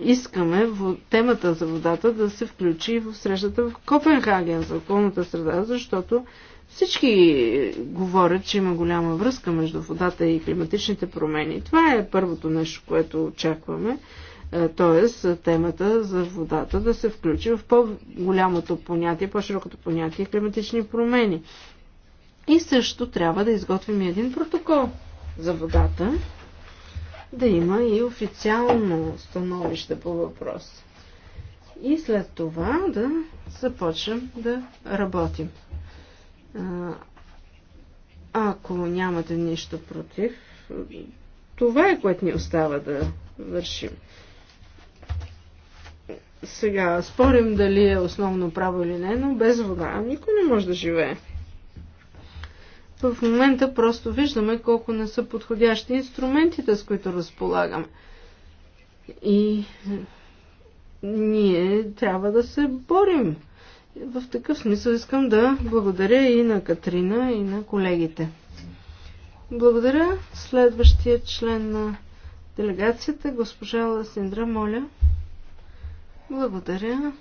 искаме темата за водата да се включи в срещата в Копенхаген за околната среда, защото всички говорят, че има голяма връзка между водата и климатичните промени. Това е първото нещо, което очакваме. Т.е. Е, темата за водата да се включи в по-голямото понятие, по-широкото понятие климатични промени. И също трябва да изготвим един протокол за водата, да има и официално становище по въпрос. И след това да започнем да работим. Ако нямате нищо против, това е което ни остава да вършим. Сега спорим дали е основно право или не, но без вода никой не може да живее. В момента просто виждаме колко не са подходящи инструментите, с които разполагаме. И е, ние трябва да се борим. В такъв смисъл искам да благодаря и на Катрина, и на колегите. Благодаря. Следващия член на делегацията, госпожа Ласиндра, моля. Благодаря.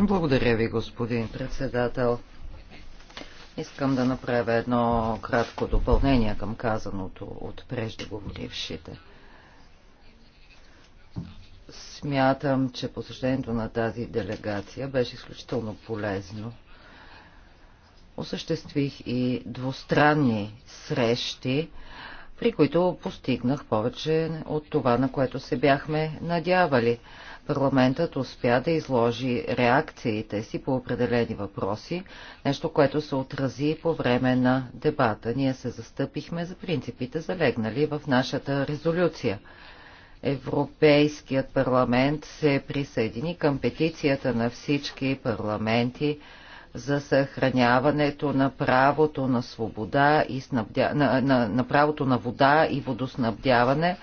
Благодаря ви, господин председател. Искам да направя едно кратко допълнение към казаното от преждеговорившите. Смятам, че посещението на тази делегация беше изключително полезно. Осъществих и двустранни срещи, при които постигнах повече от това, на което се бяхме надявали. Парламентът успя да изложи реакциите си по определени въпроси, нещо, което се отрази по време на дебата. Ние се застъпихме за принципите, залегнали в нашата резолюция. Европейският парламент се присъедини към петицията на всички парламенти за съхраняването на правото на свобода и снабдя... на, на, на правото на вода и водоснабдяване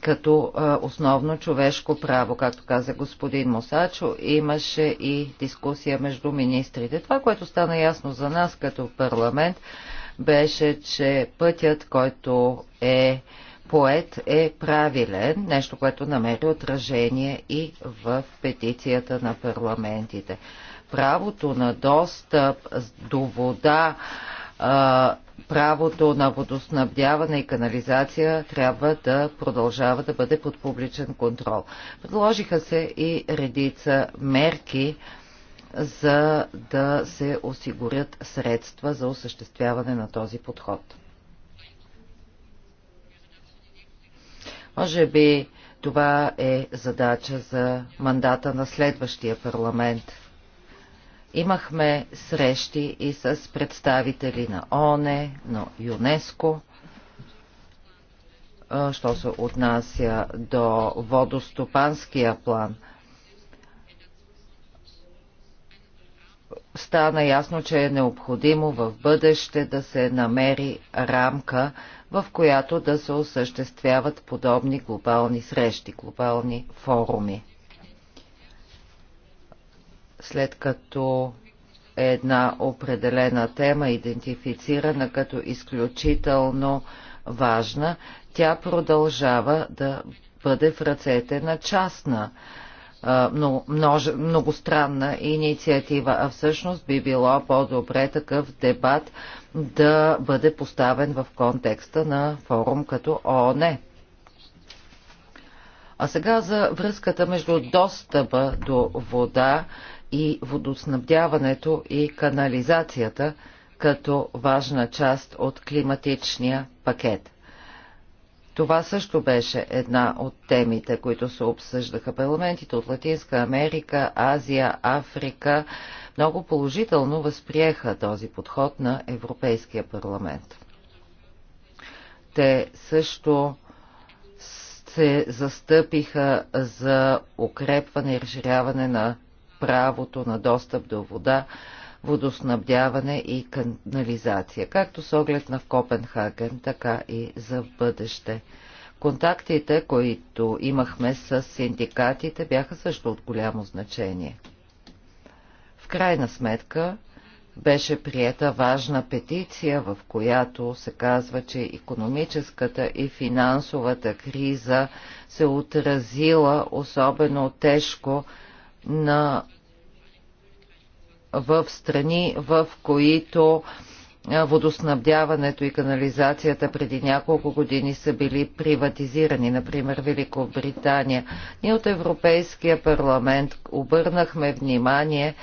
като основно човешко право. Както каза господин Мосачо, имаше и дискусия между министрите. Това, което стана ясно за нас като парламент, беше, че пътят, който е поет, е правилен, нещо, което намери отражение и в петицията на парламентите. Правото на достъп до вода, а, правото на водоснабдяване и канализация трябва да продължава да бъде под публичен контрол. Предложиха се и редица мерки, за да се осигурят средства за осъществяване на този подход. Може би това е задача за мандата на следващия парламент – Имахме срещи и с представители на ОНЕ, на ЮНЕСКО, що се отнася до водостопанския план. Стана ясно, че е необходимо в бъдеще да се намери рамка, в която да се осъществяват подобни глобални срещи, глобални форуми след като е една определена тема, идентифицирана като изключително важна, тя продължава да бъде в ръцете на частна множе, многостранна инициатива, а всъщност би било по-добре такъв дебат да бъде поставен в контекста на форум като ООН. А сега за връзката между достъпа до вода и водоснабдяването и канализацията като важна част от климатичния пакет. Това също беше една от темите, които се обсъждаха. Парламентите от Латинска Америка, Азия, Африка много положително възприеха този подход на Европейския парламент. Те също се застъпиха за укрепване и разширяване на правото на достъп до вода, водоснабдяване и канализация, както с оглед на в Копенхаген, така и за бъдеще. Контактите, които имахме с синдикатите, бяха също от голямо значение. В крайна сметка беше приета важна петиция, в която се казва, че економическата и финансовата криза се отразила особено тежко на, в страни, в които водоснабдяването и канализацията преди няколко години са били приватизирани, например Великобритания. Ние от Европейския парламент обърнахме внимание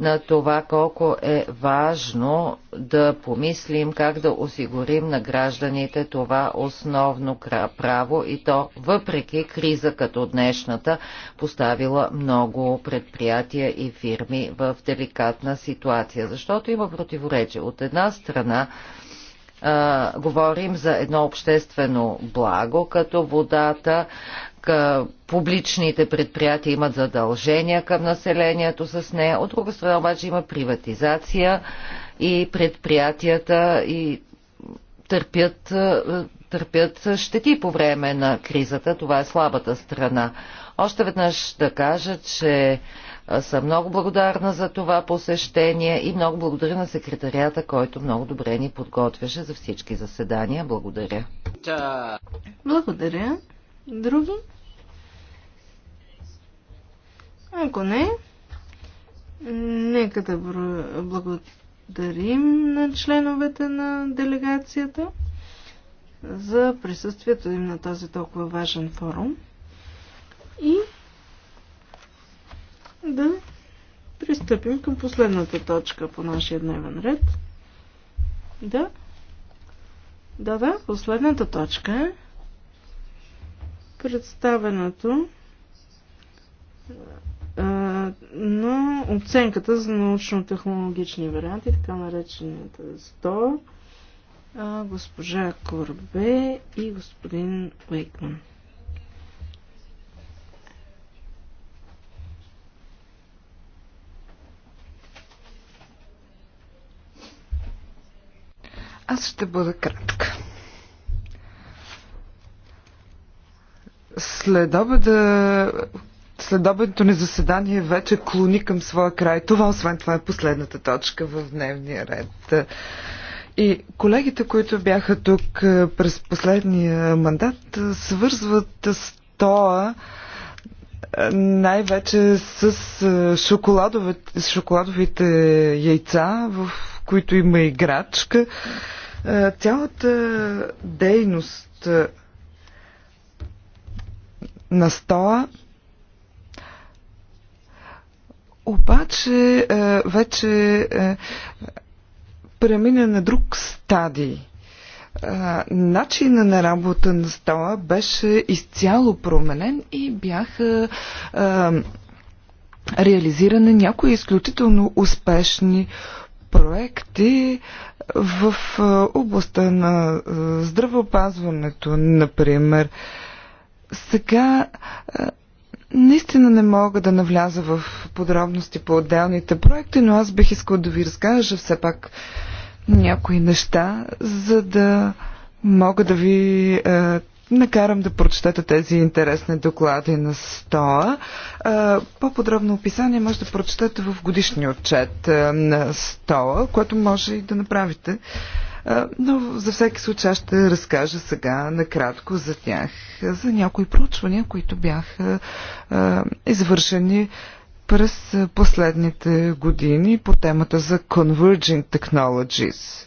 на това колко е важно да помислим как да осигурим на гражданите това основно право и то въпреки криза като днешната поставила много предприятия и фирми в деликатна ситуация, защото има противоречие. От една страна а, говорим за едно обществено благо, като водата, публичните предприятия имат задължения към населението с нея. От друга страна обаче има приватизация и предприятията и търпят, търпят щети по време на кризата. Това е слабата страна. Още веднъж да кажа, че съм много благодарна за това посещение и много благодаря на секретарията, който много добре ни подготвяше за всички заседания. Благодаря. Благодаря. Други? Ако не, нека да благодарим на членовете на делегацията за присъствието им на този толкова важен форум и да пристъпим към последната точка по нашия дневен ред. Да. Да, да, последната точка е представеното на оценката за научно-технологични варианти, така наречената СТО госпожа Корбе и господин Уейкман. Аз ще бъда кратка. След обеда Следобедното ни заседание вече клони към своя край. Това, освен това, е последната точка в дневния ред. И колегите, които бяха тук е, през последния мандат, е, свързват стоа е, най-вече с шоколадовите, шоколадовите яйца, в които има играчка. Цялата дейност на стола, Обаче е, вече е, премина на друг стадий. Е, начина на работа на стола беше изцяло променен и бяха реализирани някои изключително успешни проекти в областта на здравеопазването, например. Сега наистина не мога да навляза в подробности по отделните проекти, но аз бих искал да ви разкажа все пак някои неща, за да мога да ви е, накарам да прочетете тези интересни доклади на СТОА. Е, по-подробно описание може да прочетете в годишния отчет е, на СТОА, което може и да направите. Е, но за всеки случай ще разкажа сега накратко за тях, за някои проучвания, които бяха извършени през последните години по темата за Converging Technologies.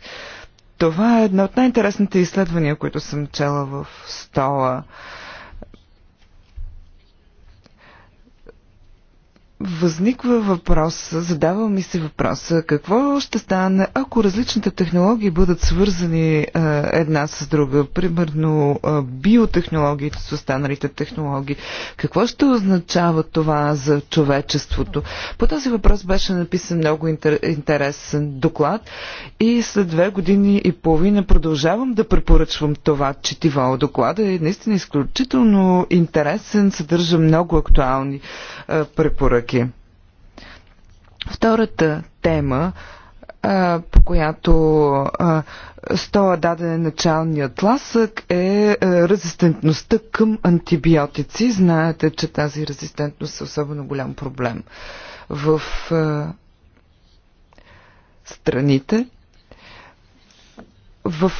Това е едно от най-интересните изследвания, които съм чела в стола. Uh, Възниква въпрос, задава ми се въпроса, какво ще стане, ако различните технологии бъдат свързани а, е, една с друга, примерно а, е, биотехнологиите с останалите технологии, какво ще означава това за човечеството? По този въпрос беше написан много интересен доклад и след две години и половина продължавам да препоръчвам това четиво доклада е наистина изключително интересен, съдържа много актуални а, е, препоръки членки. Втората тема, по която стоя даден началният тласък е, е резистентността към антибиотици. Знаете, че тази резистентност е особено голям проблем в страните. В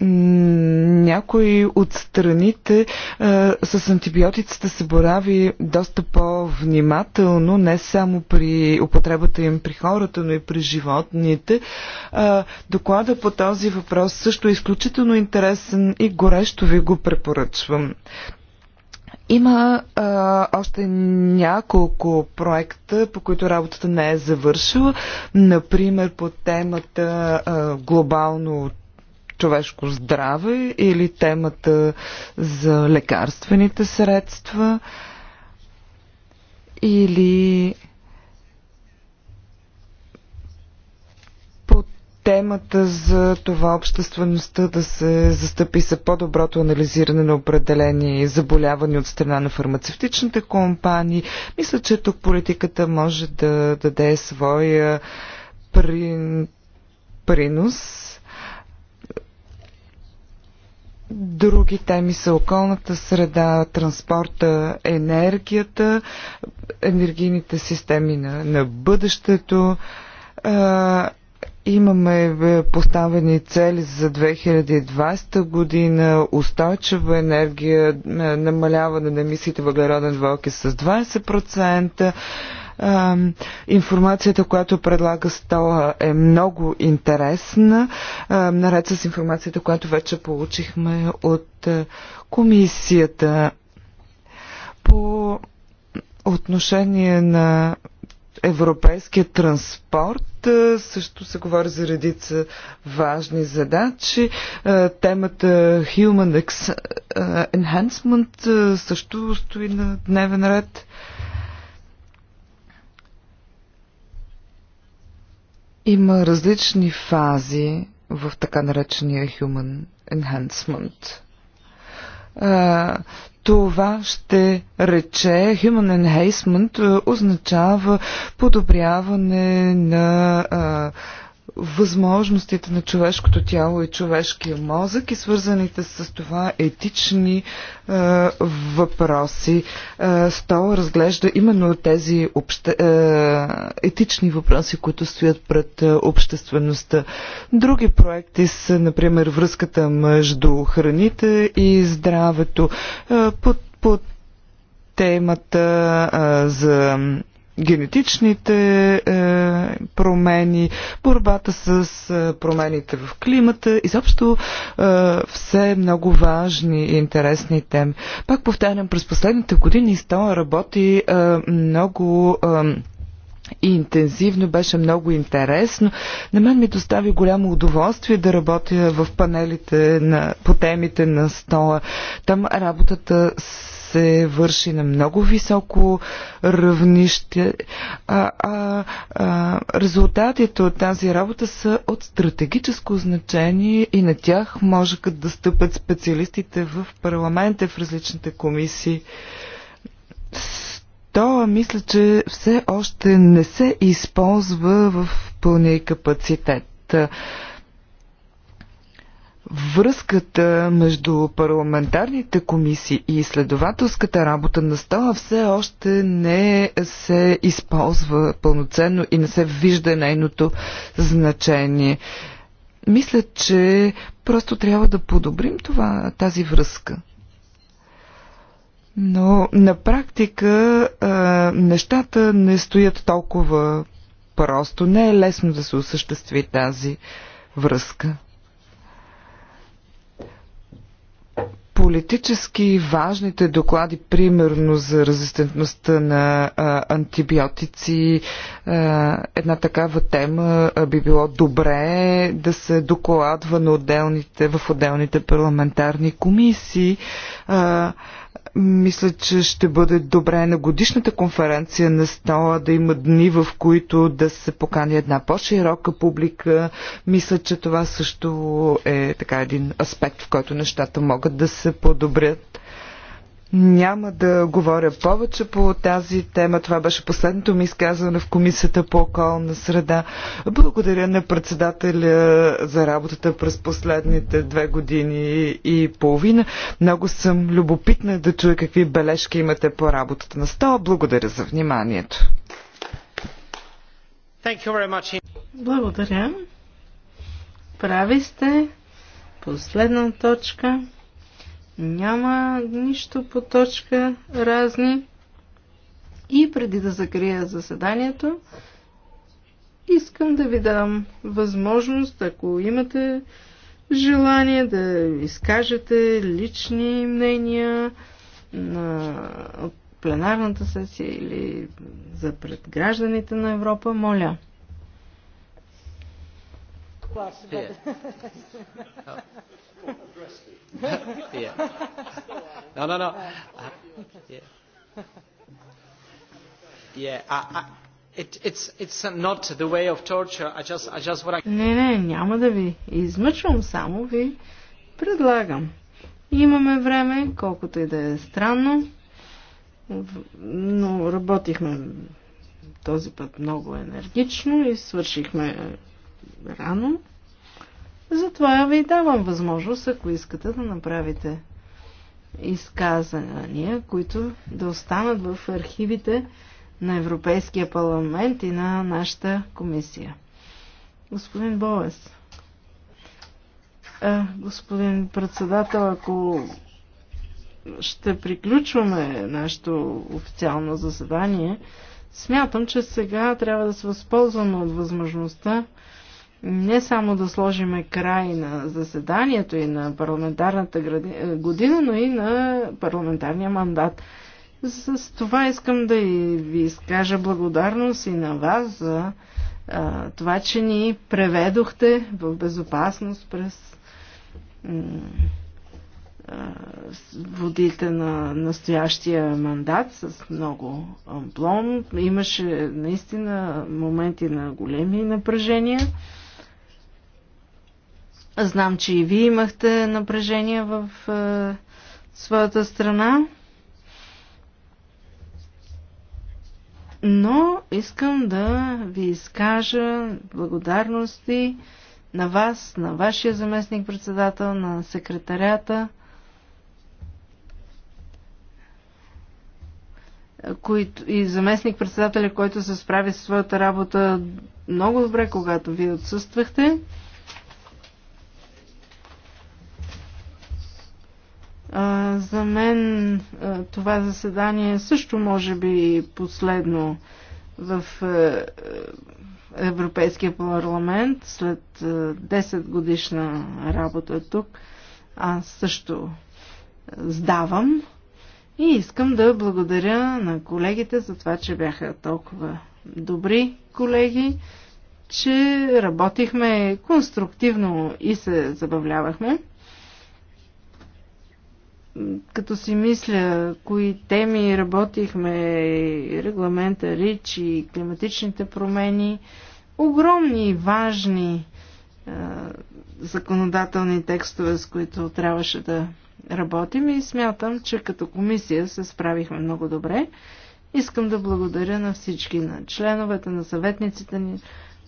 някои от страните а, е, с антибиотиците се борави доста по-внимателно, не само при употребата им при хората, но и при животните. А, е, доклада по този въпрос също е изключително интересен и горещо ви го препоръчвам. Има а, е, още няколко проекта, по които работата не е завършила. Например, по темата а, глобално човешко здраве или темата за лекарствените средства или по темата за това обществеността да се застъпи за по-доброто анализиране на определени заболявания от страна на фармацевтичните компании. Мисля, че тук политиката може да даде своя принос Други теми са околната среда, транспорта, енергията, енергийните системи на, на бъдещето. А, имаме поставени цели за 2020 година, устойчива енергия, намаляване на емисиите въглероден двойки с 20%. А, информацията, която предлага Стола е много интересна, а, наред с информацията, която вече получихме от е, комисията. По отношение на европейския транспорт е, също се говори за редица важни задачи. Е, темата Human Enhancement също стои на дневен ред. Има различни фази в така наречения Human Enhancement. А, това ще рече Human Enhancement означава подобряване на а, възможностите на човешкото тяло и човешкия мозък и свързаните с това етични е, въпроси. Е, Стол разглежда именно тези обще, е, етични въпроси, които стоят пред е, обществеността. Други проекти са, например, връзката между храните и здравето. Е, под, под темата е, за генетичните е, промени, борбата с е, промените в климата, изобщо е, все много важни и интересни теми. Пак повтарям, през последните години Стола работи е, много. Е, и интензивно, беше много интересно. На мен ми достави голямо удоволствие да работя в панелите на, по темите на стола. Там работата се върши на много високо равнище. А, а, а, резултатите от тази работа са от стратегическо значение и на тях може да стъпят специалистите в парламента, в различните комисии. То мисля, че все още не се използва в пълния капацитет. Връзката между парламентарните комисии и изследователската работа на стола все още не се използва пълноценно и не се вижда нейното значение. Мисля, че просто трябва да подобрим това, тази връзка. Но на практика а, нещата не стоят толкова просто. Не е лесно да се осъществи тази връзка. политически важните доклади, примерно за резистентността на а, антибиотици, а, една такава тема а, би било добре да се докладва на отделните, в отделните парламентарни комисии. А, мисля, че ще бъде добре на годишната конференция на стола да има дни, в които да се покани една по-широка публика. Мисля, че това също е така един аспект, в който нещата могат да се подобрят. Няма да говоря повече по тази тема. Това беше последното ми изказване в Комисията по околна среда. Благодаря на председателя за работата през последните две години и половина. Много съм любопитна да чуя какви бележки имате по работата на стола. Благодаря за вниманието. Благодаря. Прави сте. Последна точка. Няма нищо по точка разни. И преди да закрия заседанието, искам да ви дам възможност, ако имате желание да изкажете лични мнения на, от пленарната сесия или за пред гражданите на Европа, моля. Клас, yeah. No, no, no. Uh, yeah. Yeah. I, I, it, it's, it's not the way of torture. I just, I just what I... Не, не, няма да ви измъчвам, само ви предлагам. Имаме време, колкото и да е странно, но работихме този път много енергично и свършихме е, рано. Затова ви давам възможност, ако искате да направите изказания, които да останат в архивите на Европейския парламент и на нашата комисия. Господин Болес. А, господин председател, ако ще приключваме нашето официално заседание, смятам, че сега трябва да се възползваме от възможността не само да сложиме край на заседанието и на парламентарната е, година, но и на парламентарния мандат. С това искам да и ви изкажа благодарност и на вас за а, това, че ни преведохте в безопасност през водите на настоящия мандат с много амплом. Имаше наистина моменти на големи напрежения. Знам, че и вие имахте напрежение в е, своята страна. Но искам да ви изкажа благодарности на вас, на вашия заместник-председател, на секретарята, които, и заместник-председателя, който се справи с своята работа много добре, когато вие отсъствахте. А, за мен а, това заседание също може би последно в а, Европейския парламент след 10 годишна работа тук. Аз също сдавам и искам да благодаря на колегите за това, че бяха толкова добри колеги, че работихме конструктивно и се забавлявахме като си мисля кои теми работихме, регламента РИЧ и климатичните промени, огромни и важни е, законодателни текстове, с които трябваше да работим и смятам, че като комисия се справихме много добре. Искам да благодаря на всички, на членовете, на съветниците ни,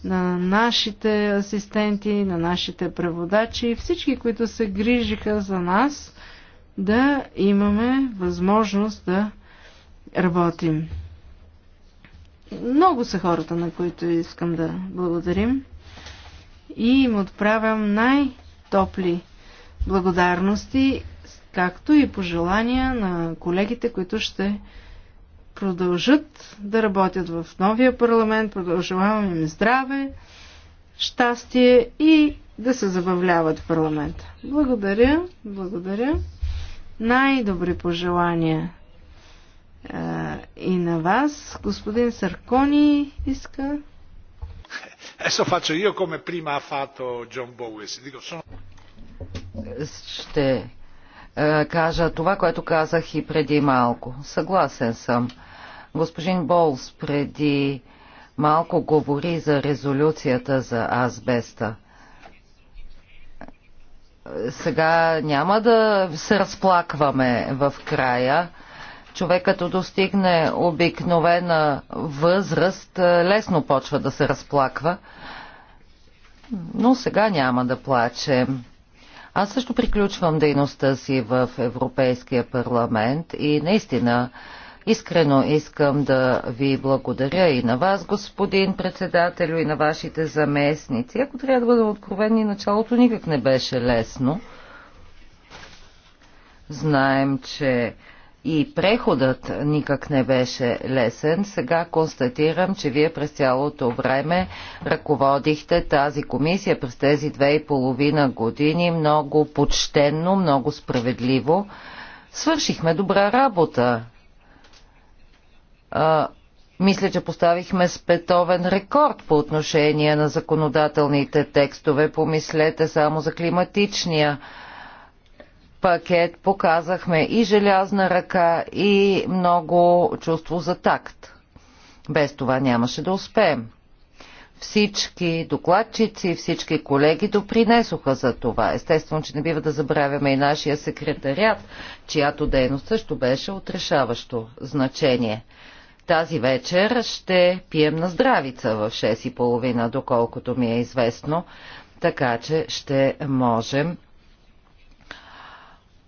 на нашите асистенти, на нашите преводачи и всички, които се грижиха за нас – да имаме възможност да работим. Много са хората, на които искам да благодарим и им отправям най-топли благодарности, както и пожелания на колегите, които ще продължат да работят в новия парламент, продължавам им здраве, щастие и да се забавляват в парламента. Благодаря, благодаря. Най-добри пожелания а, е, и на вас. Господин Саркони иска. Adesso faccio io come prima ha fatto John Bowes. Dico, sono... Ще е, кажа това, което казах и преди малко. Съгласен съм. Господин Болс преди малко говори за резолюцията за азбеста сега няма да се разплакваме в края. Човек като достигне обикновена възраст, е, лесно почва да се разплаква. Но сега няма да плачем. Аз също приключвам дейността си в Европейския парламент и наистина Искрено искам да ви благодаря и на вас, господин председателю, и на вашите заместници. Ако трябва да бъдем откровени, началото никак не беше лесно. Знаем, че и преходът никак не беше лесен. Сега констатирам, че вие през цялото време ръководихте тази комисия през тези две и половина години много почтенно, много справедливо. Свършихме добра работа мисля, че поставихме спетовен рекорд по отношение на законодателните текстове. Помислете само за климатичния пакет. Показахме и желязна ръка, и много чувство за такт. Без това нямаше да успеем. Всички докладчици, всички колеги допринесоха за това. Естествено, че не бива да забравяме и нашия секретарят, чиято дейност също беше отрешаващо значение. Тази вечер ще пием на здравица в 6.30, доколкото ми е известно, така че ще можем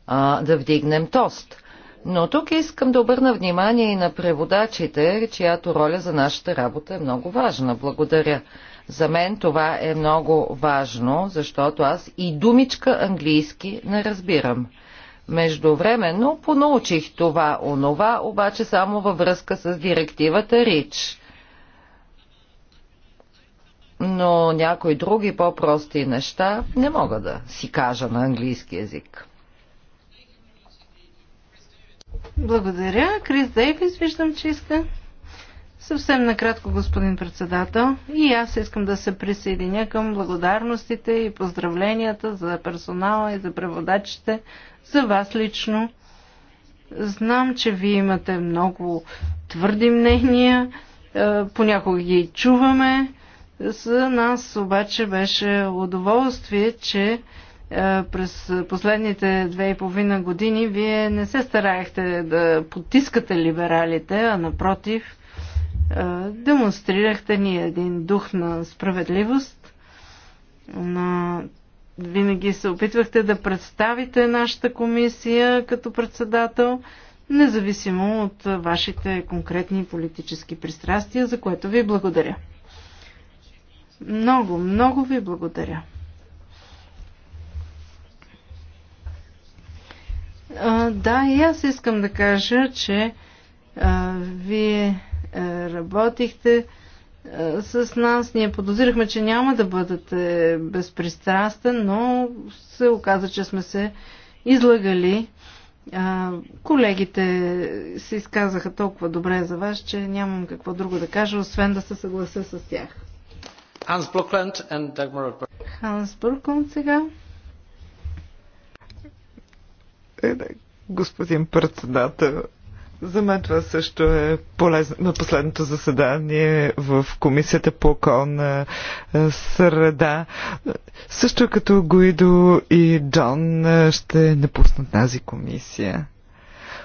а, да вдигнем тост. Но тук искам да обърна внимание и на преводачите, чиято роля за нашата работа е много важна. Благодаря. За мен това е много важно, защото аз и думичка английски не разбирам. Междувременно понаучих това, онова, обаче само във връзка с директивата РИЧ. Но някои други по-прости неща не мога да си кажа на английски язик. Благодаря. Крис Дейвис, виждам, че иска Съвсем накратко, господин председател, и аз искам да се присъединя към благодарностите и поздравленията за персонала и за преводачите, за вас лично. Знам, че вие имате много твърди мнения, е, понякога ги чуваме. За нас обаче беше удоволствие, че е, през последните две и половина години вие не се стараехте да потискате либералите, а напротив – демонстрирахте ни един дух на справедливост, на винаги се опитвахте да представите нашата комисия като председател, независимо от вашите конкретни политически пристрастия, за което ви благодаря. Много, много ви благодаря. А, да, и аз искам да кажа, че а, вие е, работихте е, с нас. Ние подозирахме, че няма да бъдете безпристрастен, но се оказа, че сме се излагали. Е, колегите се изказаха толкова добре за вас, че нямам какво друго да кажа, освен да се съглася с тях. Ханс Бруклент и Дагмар Ханс Бруклент сега. Господин председател, за мен това също е полезно на последното заседание в Комисията по околна е, среда. Също като Гуидо и Джон е, ще напуснат тази комисия.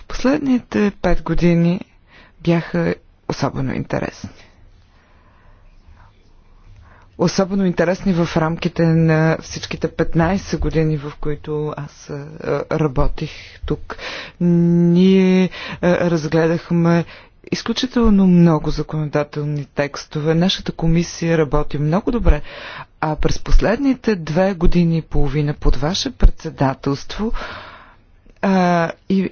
Последните пет години бяха особено интересни особено интересни в рамките на всичките 15 години, в които аз работих тук. Ние разгледахме изключително много законодателни текстове. Нашата комисия работи много добре. А през последните две години и половина под ваше председателство а, и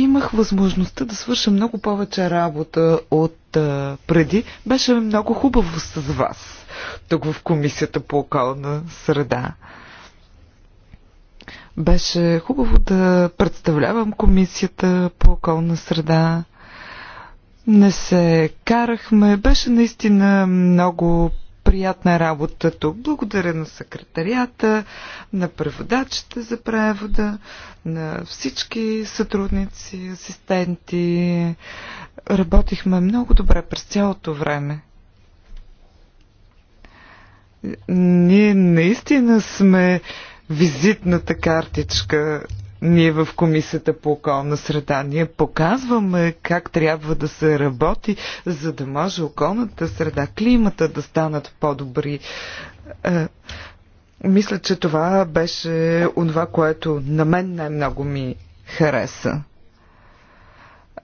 имах възможността да свърша много повече работа от а, преди. Беше много хубаво с вас тук в Комисията по околна среда. Беше хубаво да представлявам Комисията по околна среда. Не се карахме. Беше наистина много приятна работа тук. Благодаря на секретарията, на преводачите за превода, на всички сътрудници, асистенти. Работихме много добре през цялото време. Ние наистина сме визитната картичка ние в Комисията по околна среда ние показваме как трябва да се работи, за да може околната среда, климата да станат по-добри. Е, мисля, че това беше онова, което на мен най-много ми хареса.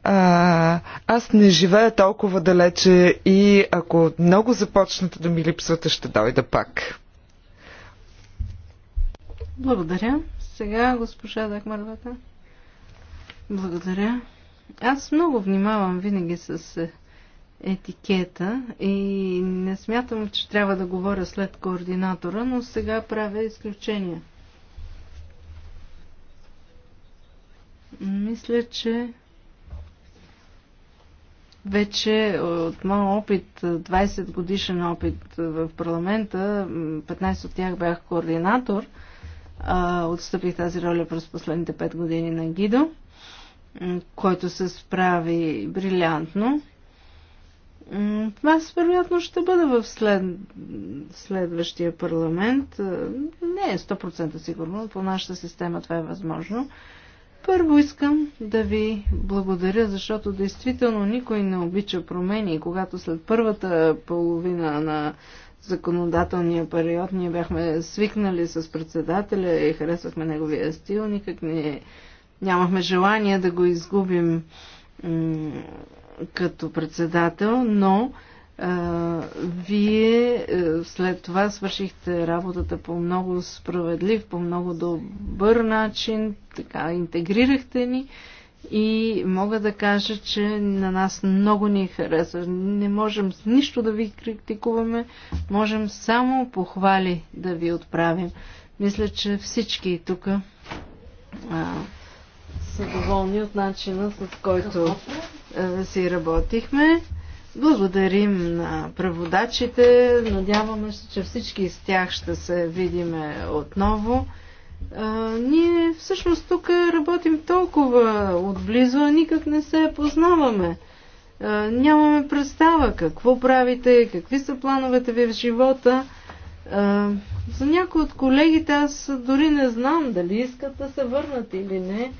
А, е, аз не живея толкова далече и ако много започнат да ми липсвате, ще дойда пак. Благодаря. Сега госпожа Дахмарвата. Благодаря. Аз много внимавам винаги с е, етикета и не смятам, че трябва да говоря след координатора, но сега правя изключение. Мисля, че вече от моят опит, 20 годишен опит в парламента, 15 от тях бях координатор – а, отстъпих тази роля през последните пет години на Гидо, който се справи брилянтно. Аз вероятно ще бъда в след... следващия парламент. Не е 100% сигурно, по нашата система това е възможно. Първо искам да ви благодаря, защото действително никой не обича промени. Когато след първата половина на законодателния период. Ние бяхме свикнали с председателя и харесвахме неговия стил. Никак не, нямахме желание да го изгубим като председател, но а, вие а, след това свършихте работата по много справедлив, по много добър начин, така интегрирахте ни и мога да кажа, че на нас много ни харесва. Не можем с нищо да ви критикуваме, можем само похвали да ви отправим. Мисля, че всички тук са доволни от начина, с който а, си работихме. Благодарим на преводачите. Надяваме се, че всички с тях ще се видиме отново. А, ние всъщност тук работим толкова отблизо, а никак не се познаваме. А, нямаме представа какво правите, какви са плановете ви в живота. А, за някои от колегите аз дори не знам дали искат да се върнат или не.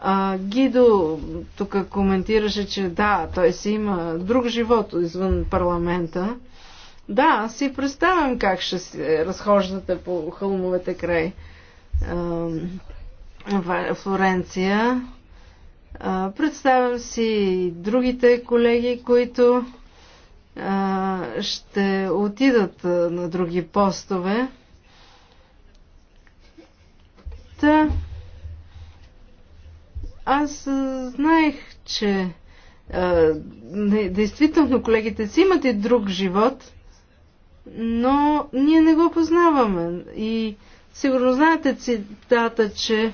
А, Гидо тук коментираше, че да, той си има друг живот извън парламента. Да, си представям как ще се разхождате по хълмовете край Флоренция. Представям си и другите колеги, които ще отидат на други постове. Та, аз знаех, че а, действително колегите си имат и друг живот, но ние не го познаваме. И а, Сигурно знаете цитата, че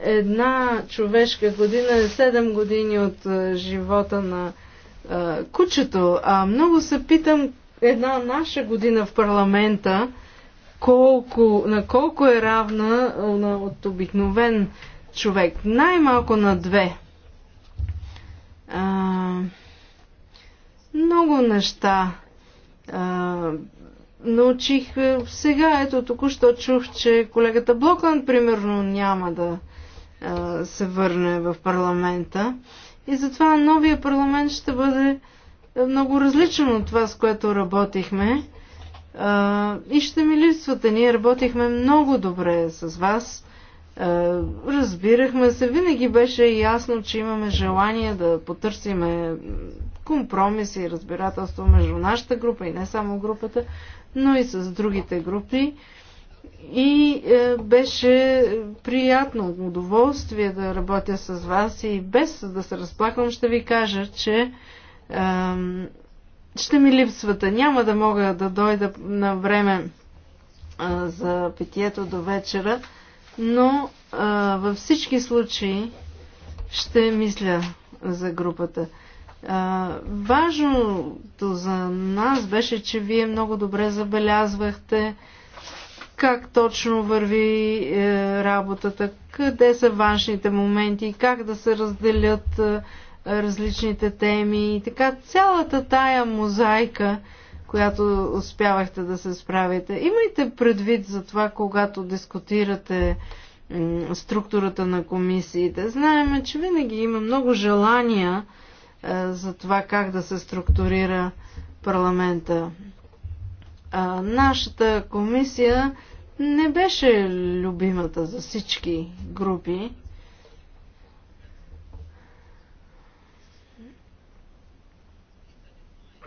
една човешка година е 7 години от живота на а, кучето. А много се питам една наша година в парламента колко, на колко е равна на, от обикновен човек. Най-малко на две. А, много неща а, научих е, сега. Ето току-що чух, че колегата Блокан примерно няма да се върне в парламента. И затова новия парламент ще бъде е, много различен от това, с което работихме. И ще ми липсвате. Ние работихме много добре с вас. Е, разбирахме се, винаги беше ясно, че имаме желание да потърсиме компромиси и разбирателство между нашата група и не само групата, но и с другите групи. И е, беше приятно, удоволствие да работя с вас и без да се разплаквам ще ви кажа, че е, ще ми липсвате. Няма да мога да дойда на време е, за питието до вечера но а, във всички случаи ще мисля за групата. А, важното за нас беше, че вие много добре забелязвахте как точно върви е, работата, къде са важните моменти, как да се разделят е, различните теми и така цялата тая мозайка която успявахте да се справите. Имайте предвид за това, когато дискутирате структурата на комисиите. Знаем, че винаги има много желания е, за това как да се структурира парламента. А, нашата комисия не беше любимата за всички групи.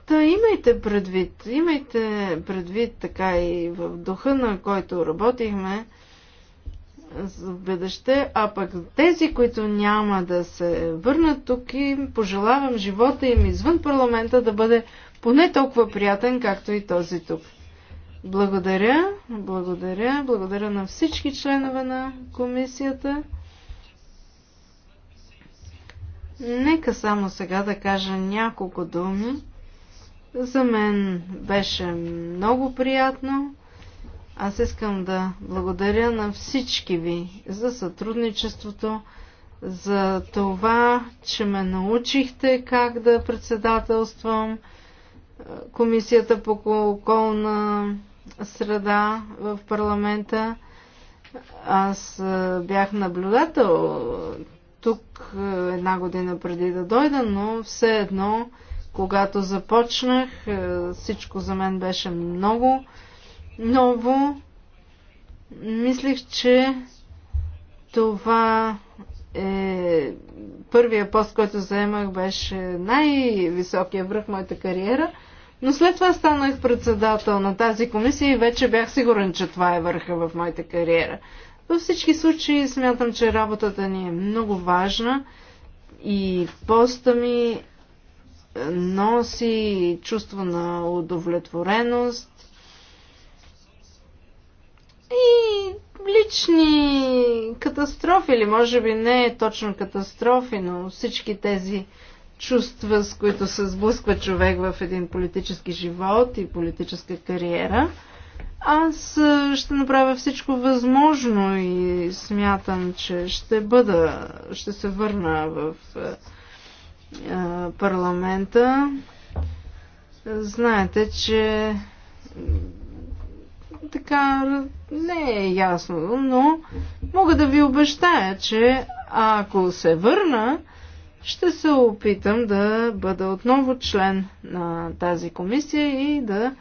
Та имайте предвид, имайте предвид така и в духа, на който работихме в бъдеще, а пък тези, които няма да се върнат тук и пожелавам живота им извън парламента да бъде поне толкова приятен, както и този тук. Благодаря, благодаря, благодаря на всички членове на комисията. Нека само сега да кажа няколко думи за мен беше много приятно. Аз искам да благодаря на всички ви за сътрудничеството, за това, че ме научихте как да председателствам Комисията по околна среда в парламента. Аз бях наблюдател тук една година преди да дойда, но все едно когато започнах. Е, всичко за мен беше много ново. Мислих, че това е... Първия пост, който заемах, беше най-високия връх моята кариера. Но след това станах председател на тази комисия и вече бях сигурен, че това е върха в моята кариера. Във всички случаи смятам, че работата ни е много важна и поста ми носи чувство на удовлетвореност и лични катастрофи, или може би не е точно катастрофи, но всички тези чувства, с които се сблъсква човек в един политически живот и политическа кариера. Аз ще направя всичко възможно и смятам, че ще бъда, ще се върна в парламента. Знаете, че така не е ясно, но мога да ви обещая, че ако се върна, ще се опитам да бъда отново член на тази комисия и да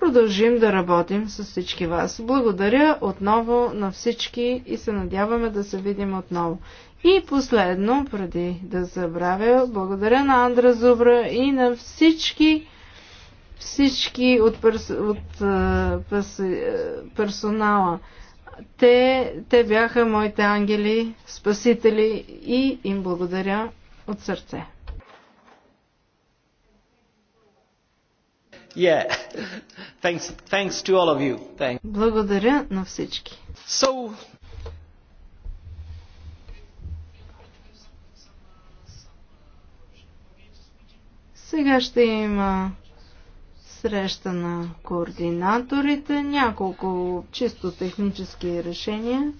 продължим да работим с всички вас. Благодаря отново на всички и се надяваме да се видим отново. И последно, преди да забравя, благодаря на Андра Зубра и на всички всички от, перс, от перс, персонала. Те, те бяха моите ангели, спасители и им благодаря от сърце. Yeah. Thanks, thanks to all of you. Thanks. Благодаря на всички. So, Сега ще има среща на координаторите, няколко чисто технически решения.